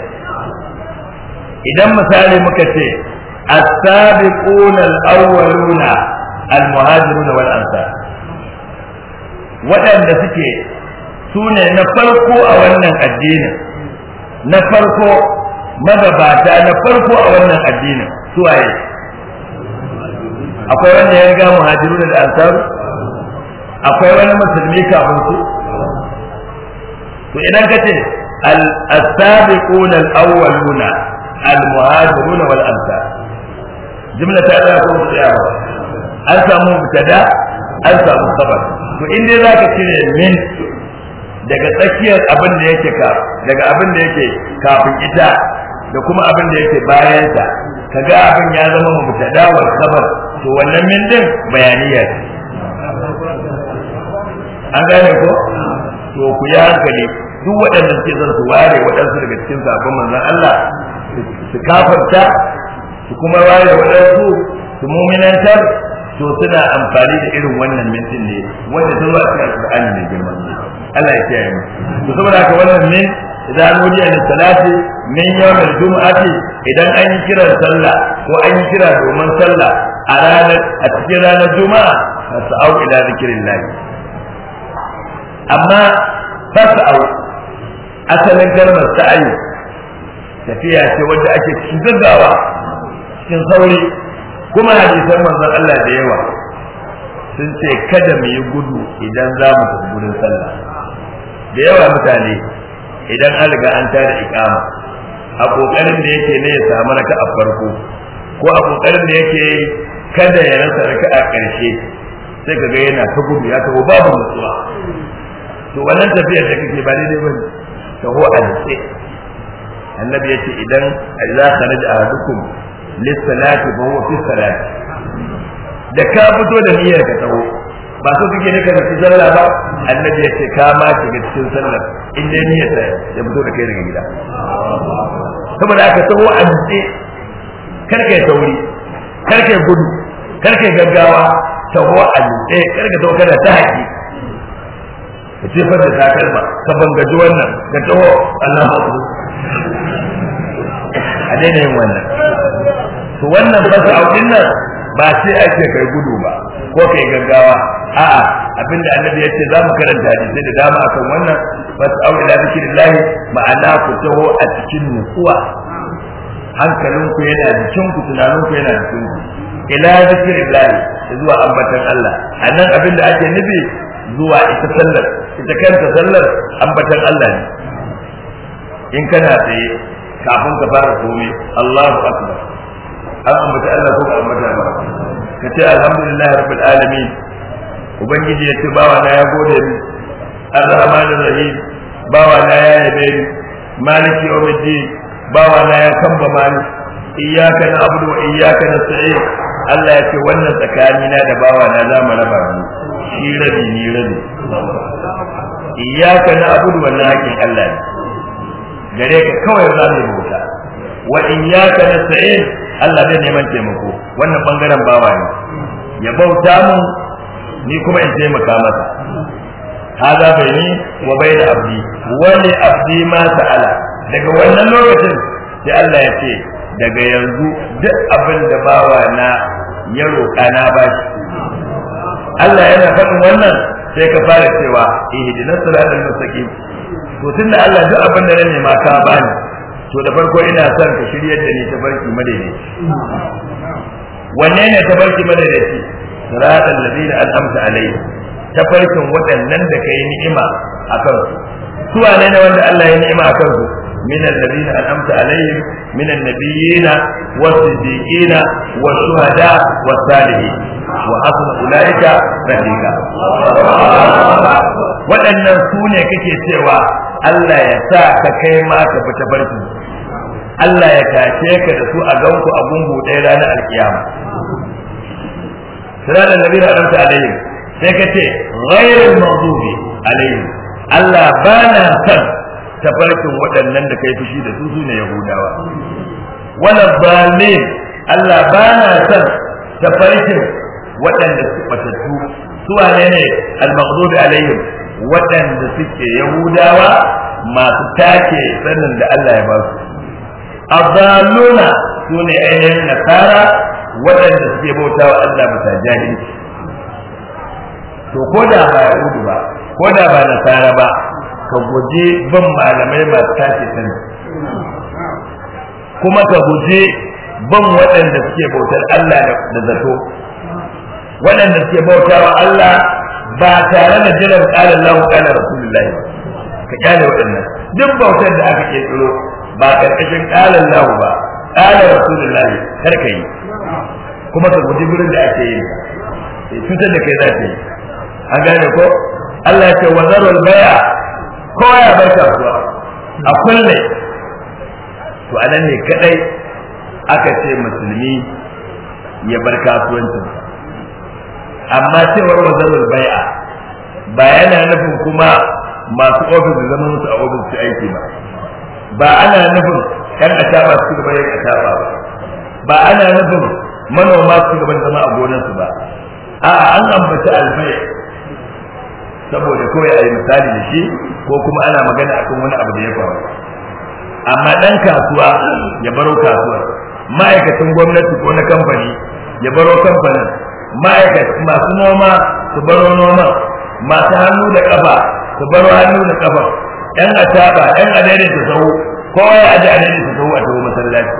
idan misali muka ce السابقون الأولون المهاجرون والأنصار waɗanda suke su ne na farko a wannan addinin na farko magabata na farko a wannan addinin su waye akwai wanda ya ga muhajiruna akwai wani musulmi kafin ka ce al jimla ta tsaya ko tsaya an samu mutada an samu khabar to in dai zaka cire min daga tsakiyar abin da yake ka daga abin da yake kafin ita da kuma abin da yake bayan ta kaga abin ya zama mutada wa khabar to wannan min din bayaniya an gane ko to ku yi hankali duk waɗanda suke zan su ware waɗansu daga cikin sabon manzon Allah su kafarta su kuma waye waɗansu su muminantar to suna amfani da irin wannan mintin ne wanda ta zuwa cikin alƙur'ani mai girma Allah ya kiyaye mu to saboda haka wannan min idan wudiya da salati min yawmil jum'ati idan an yi kiran sallah ko an yi kira domin sallah a ranar a cikin ranar juma'a fasa'u ila zikrillah amma fasa'u asalin kalmar sa'ayi tafiya ce wanda ake cikin gaggawa cikin sauri kuma cikin manzan Allah da yawa sun ce kada mu yi gudu idan za mu tafi gurin sallah da yawa mutane idan an riga an tare ikama a kokarin da yake ne ya samu raka a farko ko a kokarin da yake kada ya rasa raka a ƙarshe sai ka ga yana ta gudu ya taho babu mutuwa to wannan tafiyar da kake ba daidai bane taho a nace annabi yace idan idza kharaja ahadukum lissalati ba huwa fi salati da ka fito da niyyar ka taho ba su suke da karfi sallah ba annabi ya ce ka ma shiga cikin sallar in dai niyyar ta ya fito da kai daga gida saboda aka taho a nutse karka ya sauri karka ya gudu karka ya gaggawa taho a kar ka taho kana ta haƙi ka jefar da takalma ka bangaji wannan ka taho Allah a daina yin wannan to wannan fasa aukin nan ba sai ake kai gudu ba ko kai gaggawa a'a abinda annabi yace za mu karanta hadisi da dama akan wannan fasa audin la zikrillah ma'ana ku taho a cikin nutsuwa hankalinku yana jikinku tunaninku yana jikinku ila zikrillah zuwa ambatan Allah anan abinda ake nufi zuwa ita sallar ita kanta sallar ambatan Allah ne in kana tsaye kafin ka fara komai Allahu akbar an ambata Allah ko ka ambata ba ka ce alhamdulillah rabbil alamin ubangiji ya ce bawa na ya gode ni arrahman arrahim bawa na ya yabe ni maliki yawmiddin bawa na ya kamba mani iyyaka na'budu wa iyyaka nasta'in Allah ya ce wannan tsakanina da bawa na za mu raba ni shi rabi ni rabi iyyaka na'budu wannan hakkin Allah ne gare ka kawai za mu bauta wa iyyaka nasta'in Allah zai neman taimako wannan bangaren bawa ne ya bauta mu ni kuma in taimaka masa hada bai ni wa bai da abdi wani abdi ma ta'ala daga wannan lokacin sai Allah ya ce daga yanzu duk abin da bawa na ya roƙa na ba shi Allah yana faɗin wannan sai ka fara cewa ihdinas siratal mustaqim to tunda Allah duk abin da na nema ka bani to da farko ina son ka shiryar da ni tafarki madaidaici wanne ne tafarki madaidaici siratal ladina an'amta alayhi tafarkin waɗannan da kai ni'ima a kansu su wane ne wanda Allah ya ni'ima a kansu من الذين أنعمت عليهم من النبيين والصديقين والشهداء والصالحين وحسن أولئك رفيقا waɗannan su ne kake cewa Allah ya sa ka kai ma ka fita barki Allah ya kace ka da su a ganku a gungu ɗaya ranar alkiyama sirada nabi na ramta alayhi sai ka ce ghairul maghdubi alayhi Allah ba na san tafarkin waɗannan da kai fushi da su su ne yahudawa wala balin Allah ba na san tafarkin waɗanda su batattu su wane ne al-maghdubi alayhim waɗanda suke yahudawa masu take sanin da Allah ya ba su Azaluna su ne ainihin nasara waɗanda suke bauta wa Allah bisa jahilci to ko da ba yahudu ba ko da ba nasara ba ka guji bin malamai masu tashi sani kuma ka guji bin waɗanda suke bautar Allah da zato waɗanda suke bauta wa Allah ba tare da jiran ƙalar lahu ƙalar rasulullahi ka kyale waɗannan duk bautar da aka ƙirƙiro ba karkashin kalan lahu ba kalan rasulullahi kar ka yi kuma ka guji gurin da ake yi cutar da kai za ta yi an gane ko Allah ya ce wa zarar baya kowa ya bar kasuwa a kulle to anan ne kadai aka ce musulmi ya bar kasuwancin amma cewar wa zarar baya ba yana nufin kuma masu ofis da zama musu a ofis su aiki ba ba ana nufin yan ataba su gaba yin ataba ba ba ana nufin manoma su gaba zama a gonarsu ba a'a an ambaci alfai saboda kawai a yi misali da shi ko kuma ana magana akan wani abu da ya faru amma dan kasuwa ya baro kasuwa ma'aikatan gwamnati ko na kamfani ya baro kamfanin ma'aikatan masu noma su baro noma masu hannu da kafa su baro hannu da kafa yan ataba yan adairin ta sau kowa ya aje adairin ta sau a tawo masallaci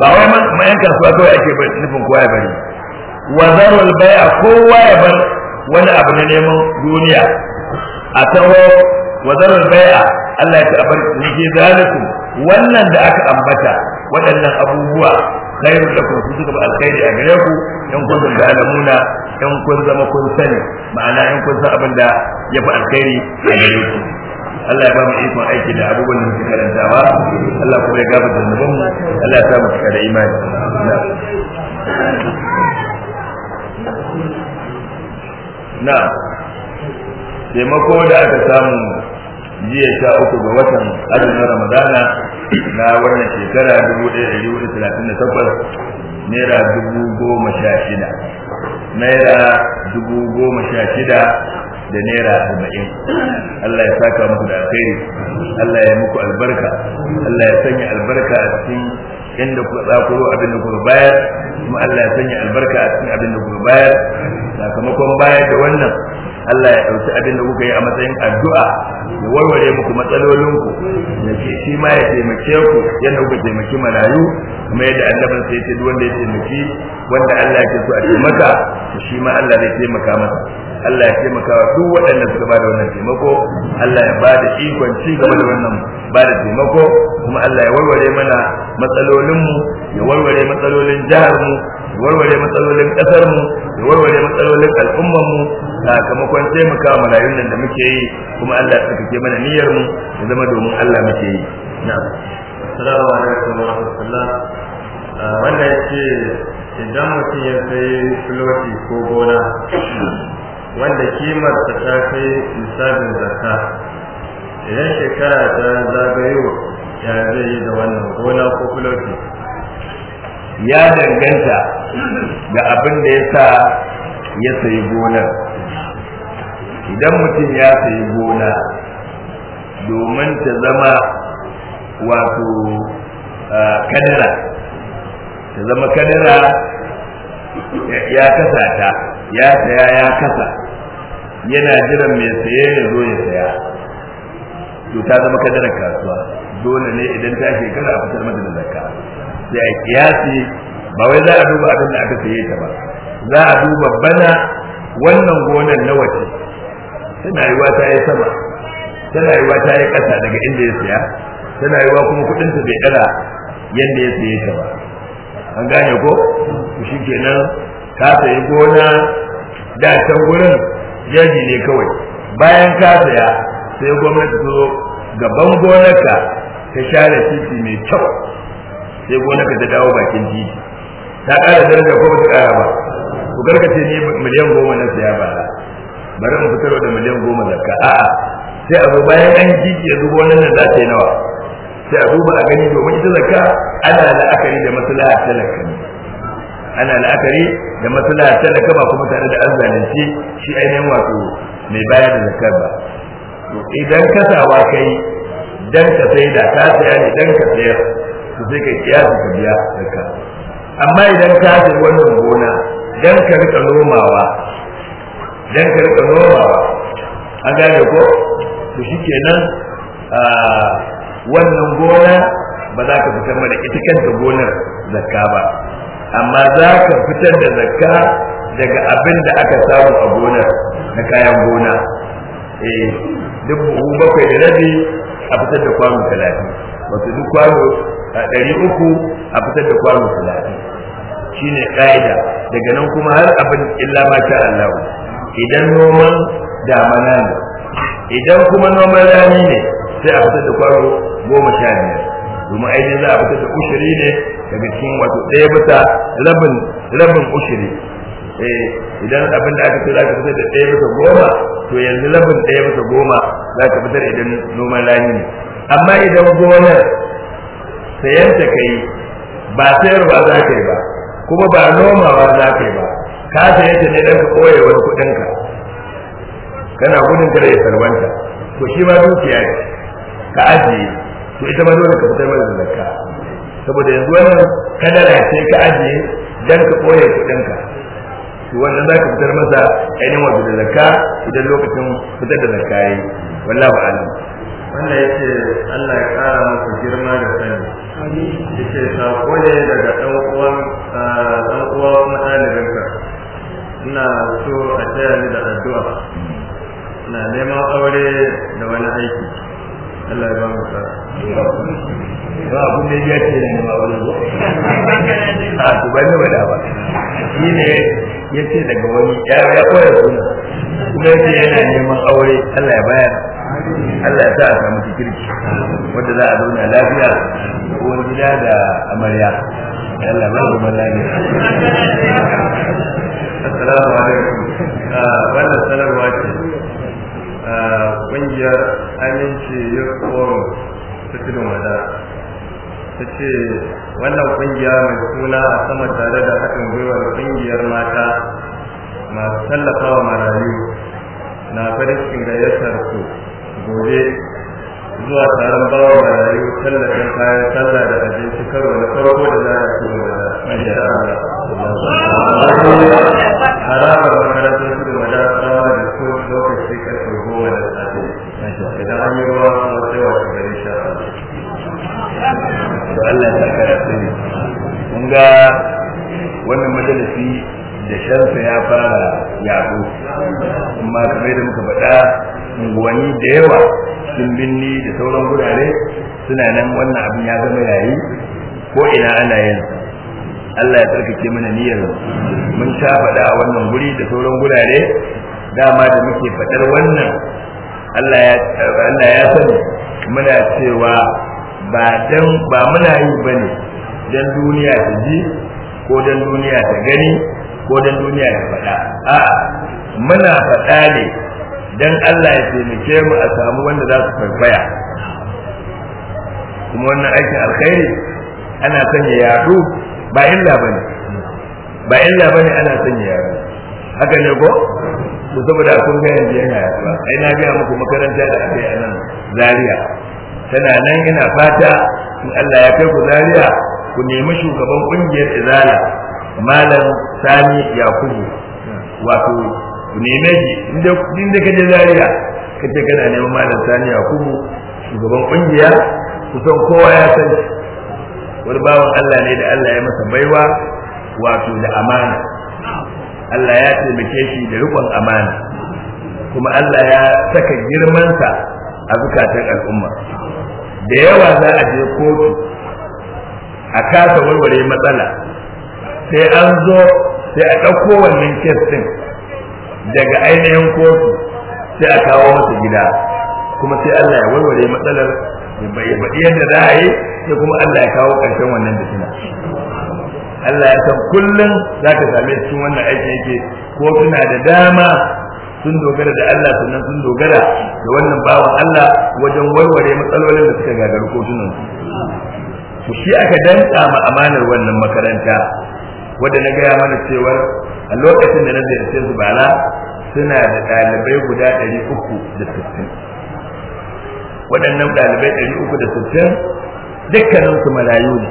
ba wai mayan kasuwa kawai ake nufin kowa ya bari wa zarwal bai'a kowa ya bar wani abu na neman duniya a taho wa zarwal bai'a Allah ya ta'abar ni ke zalikum wannan da aka ambata waɗannan abubuwa khairu lakum su suka ba alkhairi a gare ku in kun alamuna in kun zama kun sani ma'ana in kun san abin da ya fi alkhairi a gare ku Allah ya ba mu ikon aiki da abubuwan da muke karantawa Allah kuma ya gabata da mu Allah ya sa mu cika da imani na taimako da aka samu jiya sha uku ga watan azumin ramadana na wannan shekara dubu ɗaya da da takwas? naira dubu goma sha shida naira dubu goma sha shida da naira arba'in Allah ya saka muku da alkhairi Allah ya muku albarka Allah ya sanya albarka a cikin inda ku tsakuro abin da kuka bayar kuma Allah ya sanya albarka a cikin abin da kuka bayar sakamakon bayar da wannan Allah ya ɗauki abin da kuka yi a matsayin addu'a ya warware muku matsalolinku ya ce shi ma ya taimake ku yadda kuka taimaki marayu kuma yadda annabin sai ce duk wanda ya taimaki wanda Allah ya so a taimaka to shi ma Allah zai taimaka masa Allah ya taimaka wa duk waɗanda suka bada wannan taimako Allah ya bada ikon ci gaba da wannan bada taimako kuma Allah ya warware mana matsalolinmu ya warware matsalolin jihar mu warware matsalolin kasar mu da warware matsalolin al'ummar mu sakamakon taimaka marayun nan da muke yi kuma Allah ya tsakake mana niyyar mu da zama domin Allah muke yi na'am assalamu alaikum wa rahmatullah ah, wanda yake idan mutum ya kai filoti ko gona wanda kimar ta ta kai misalin zakka idan shekara ta zagayo ya zai yi da wannan gona ko filoti ya danganta ga abin da ya sa ya sayi gonar idan mutum ya sayi gona domin ta zama wato kadara ta zama kadara ya kasa ta ya saya ya kasa yana jiran mai saye ya zo ya saya to ta zama kadarar kasuwa dole ne idan ta shekara a fitar mata da zakka sai kiyasi ba wai za a duba abin da aka saye ta ba za a duba bana wannan gonar na wace tana wa ta yi sama tana wa ta yi ƙasa daga inda ya siya tana wa kuma ta bai ɗara yadda ya saye ta ba an gane ko shi kenan ka sayi gona da can gurin yaji ne kawai bayan ka saya sai gwamnati zo gaban gonarka ta share titi mai kyau sai gonar ka ta dawo bakin titi ta ƙara daraja ko ba ta ƙara ba ku garkace ni miliyan goma na siya ba bari mu fitar da miliyan goma zakka a'a sai a zo bayan an jiji ya zubo wannan za ta yi nawa sai a duba a gani domin ita zakka ana la'akari da maslaha talaka ana la'akari da maslaha talaka ba kuma tare da arzalunci shi ainihin wato mai bayar da zakka ba idan kasawa kai dan ka sai da ka saya ne dan ka sayar su sai kai kiyasi ka biya zakka amma idan ka ce wannan gona dan ka rika nomawa dan ka rika nomawa an gane ko to shikenan a wannan gona ba za ka fitar mana ita kanta gonar zakka ba amma za ka fitar da zakka daga abin da aka samu a gonar na kayan gona eh duk buhu bakwai da rabi a fitar da kwano talatin wato duk kwano a ɗari uku a fitar da kwano talatin shine ƙa'ida daga nan kuma har abin illa ma sha Allah idan noman damana ne idan kuma noman rani ne sai a fitar da kwano goma sha biyar domin ainihin za a fitar da ushiri ne daga cikin wato ɗaya bisa rabin rabin ushiri eh, idan abin da aka ce za ka fitar da ɗaya bisa goma to yanzu rabin ɗaya bisa goma za ka fitar idan noman rani ne amma idan gonar sayan ta kai ba sayarwa za ka yi ba kuma ba nomawa za ka yi ba ka saye ta ne dan ka koye wani kudin ka kana gudun da ya sarwanta to shi ma dukiya ne ka ajiye to ita ma dole ka fitar mana zakka saboda yanzu wannan kadara ce ka ajiye dan ka koye kudin ka to wannan za ka fitar masa ainihin wato da zakka idan lokacin fitar da zakka yi wallahu a'lam wanda ya ce Allah ya kara masa girma da sani ya ce sako ne daga ɗan uwa kuma ɗalibinka ina so a taya ni da addu'a na neman aure da wani aiki Allah ya ba mu sa ba abun da ya ce ne ma wani zo a to ba ne bada ba shi ne ya ce daga wani ya koya suna kuma ya ce yana neman aure Allah ya bayar Allah ya sa a samu kirki wanda za a zauna lafiya uwar gida da amarya Allah ba mu lafiya assalamu alaikum ah, wannan sanarwa ce ah, kungiyar aminci youth forum ta tudun wada ta ce wannan kungiya mai suna a sama tare da haɗin gwiwar kungiyar mata masu tallafawa marayu na farin cikin gayyatar su gobe zuwa taron bawa marayu tallafin kayan sallah da abinci karo na farko da za a ci gaba da harabar makarantar su da madarasawa da su lokaci karfe goma da safe idan an yi ruwa kuma sai wa shi gari sha da Allah ya saka da sani kun ga wannan majalisi da shansa ya fara yaɗo kuma kamar da muka faɗa unguwanni da yawa sun binni da sauran gurare suna nan wannan abin ya zama yayi ko ina ana yin Allah ya tsarkake mana niyyar mun sha faɗa a wannan guri da sauran gurare dama da muke faɗar wannan Allah ya sani muna cewa ba dan ba muna yi ne don duniya ta ji ko don duniya ta gani ko don duniya ta faɗa a'a muna faɗa ne dan Allah ya taimake mu a samu wanda za su kwaikwaya kuma wannan aikin alkhairi ana son ya yaɗu. ba illa bane ba illa bane ana ya yaɗu, haka ne ko to saboda kun ga yanzu yana yaduwa ai na ga muku makaranta da aka yi a nan Zaria tana nan ina fata in Allah ya kai ku Zaria ku nemi shugaban kungiyar Izala Malam Sani Yakubu wato neme shi inda ka je zariya ka ce kana neman malam sani kuma shugaban kungiya kusan kowa ya san wani bawan Allah ne da Allah ya masa baiwa wato da amana Allah ya taimake shi da rikon amana kuma Allah ya saka girmansa a zukatan al'umma da yawa za a je kotu a kasa warware matsala sai an zo sai a ɗauko wannan kes daga ainihin kotu sai a kawo masa gida kuma sai Allah ya warware matsalar ya faɗi yadda za a yi sai kuma Allah ya kawo ƙarshen wannan fitina Allah ya san kullum za ka same cikin wannan aiki yake ko suna da dama sun dogara da Allah sannan sun dogara da wannan bawan Allah wajen warware matsalolin da suka gagari kotunan su shi aka danta ma amanar wannan makaranta wadda na gaya mana cewa a lokacin da na ziyarce su bala suna da ɗalibai guda ɗari waɗannan dalibai ɗari da sittin dukkanin su malayu ne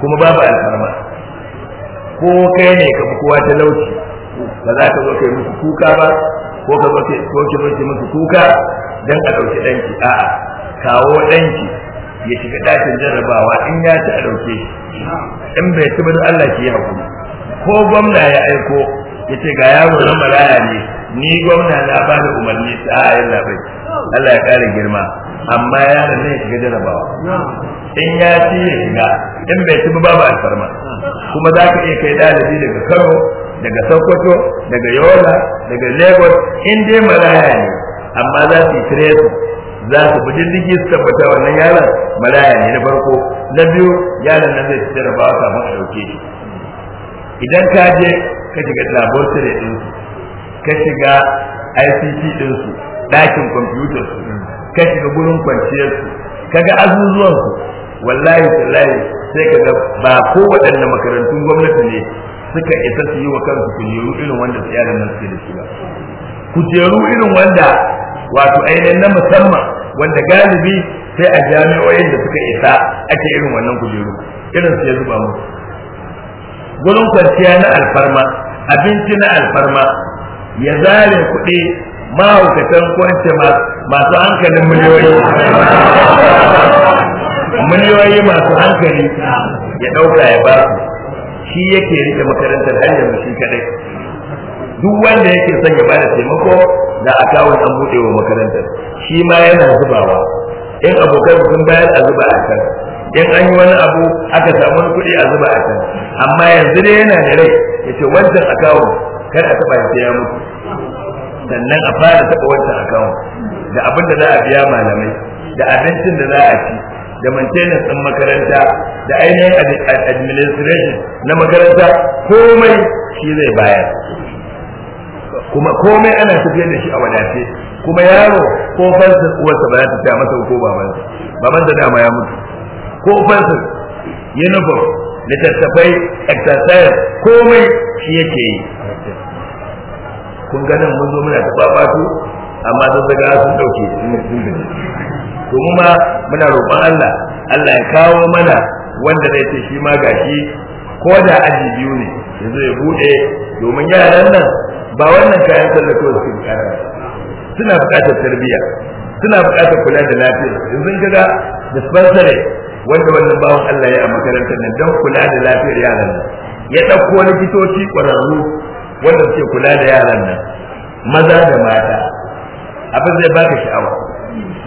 kuma babu alfarma ko kai ne ka kowa talauci ba za ka zo kai musu kuka ba ko ka zo kai musu kuka don a ɗauki ɗanki a'a kawo ɗanki ya shiga dakin jarrabawa in ya ci a dauke shi in bai ci ba don Allah ki hakuri ko gwamna ya aiko ya ce ga yaro na maraya ne ni gwamna na ba da umarni ta ayin labai Allah ya kare girma amma da ne shiga jarrabawa in ya ci ya shiga in bai ci ba babu alfarma kuma za ka iya kai dalibi daga Kano daga Sokoto daga Yola daga Lagos in dai maraya ne amma za su yi za su bi diddigi su tabbata wannan yaron malaya ne na farko na biyu yaron nan zai fitar ba kafin a dauke shi idan ka je ka shiga laboratory din su ka shiga ICT din su ɗakin computer su ka shiga gurin kwanciyar su ka ga azuzuwan su wallahi tallahi sai ka ga ba ko waɗanne makarantun gwamnati ne suka isa su yi wa kansu kujeru irin wanda yaran nan suke da shi ba kujeru irin wanda wato ainihin na musamman wanda galibi sai a jami'o'in da suka isa ake irin wannan kujeru irin su ya zuba mu gurin kwanciya na alfarma abinci na alfarma ya zare kuɗi mahaukatan kwance masu hankalin miliyoyi miliyoyi masu hankali ya ɗauka ya ba shi yake rike makarantar hanyar shi kadai duk wanda yake son ya bada taimako da kawo an buɗe wa makarantar shi ma yana zubawa in abokai sun bayar a zuba a kan in an yi wani abu aka samu kuɗi a zuba a kan amma yanzu ne yana da rai ya ce wancan akawun kar a taɓa ya biya mutu sannan a fara taɓa wancan akawun da abin da za a biya malamai da abincin da za a ci da maintenance ɗin makaranta da ainihin administration na makaranta komai shi zai bayar kuma komai ana tafiyar da shi a wadace kuma yaro ko fansa uwarsa ba za ta masa ko babansa babansa dama ya mutu ko fansa uniform littattafai exercise komai shi yake yi kun ganin mun zo muna taɓa fatu amma sun zaga sun ɗauke to mu ma muna roƙon Allah Allah ya kawo mana wanda zai ce shi ma gashi ko da aji biyu ne yanzu ya buɗe domin yaran nan ba wannan kayan sallah ko suke bukata suna bukatar tarbiyya suna bukatar kula da lafiya yanzu kaga dispensary wanda wannan bawan Allah ya a makarantar nan don kula da lafiyar yaran nan ya ɗauko fitoci ƙwararru wanda suke kula da yaran nan maza da mata abin zai baka sha'awa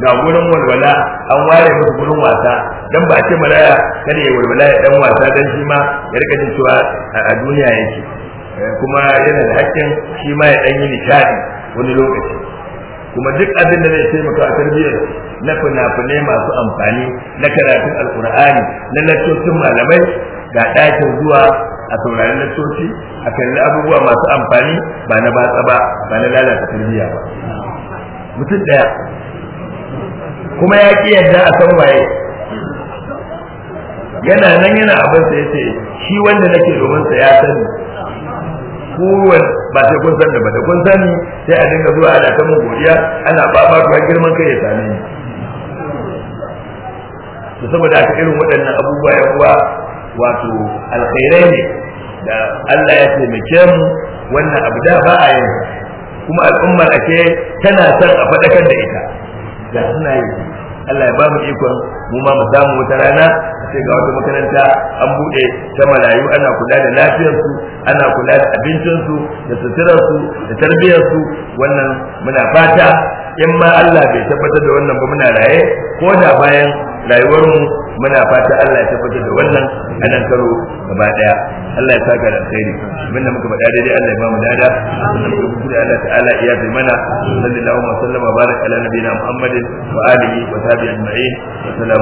ga gurin walwala an ware musu gurin wasa dan ba a ce maraya kada ya walwala ya dan wasa dan shi ma ya rika jin cewa a duniya yake Eh, kuma yana da hakkin shi ma ya dan yi nishadi wani lokaci kuma duk abin da zai taimaka a tarbiyyar na fina-finai masu amfani na karatun alkur'ani na lattocin malamai ga ɗakin zuwa a saurari lattoci a kalli abubuwa masu amfani ba na batsa ba ba na lalata tarbiyya ba mutum ɗaya kuma ya ƙi yadda a san waye yana nan yana abin sa yace shi wanda nake domin sa ya sani kowar ba sai kun san da ba da kun sani sai a dinga zuwa ala ta mun godiya ana ba ba ruwa girman kai ya sami ni to saboda haka irin waɗannan abubuwa ya kuwa wato alkhairai ne da Allah ya taimake mu wannan abu da ba a yin kuma al'ummar ake tana son a faɗakar da ita da suna yi Allah ya ba mu ikon mu ma mu samu wata rana sai ga wata makaranta an buɗe ta malayu. ana kula da lafiyarsu ana kula da abincinsu da suturarsu da tarbiyarsu wannan muna fata in ma Allah bai tabbatar da wannan ba muna raye ko da bayan rayuwarmu muna fata Allah ya tabbatar da wannan a nan karo gaba daya Allah ya saka da alkhairi abin da muka faɗa daidai Allah ya ba mu dada da Allah ta'ala ya bi mana sallallahu alaihi wa sallam baraka ala nabiyina Muhammadin wa alihi wa sahbihi ajma'in wa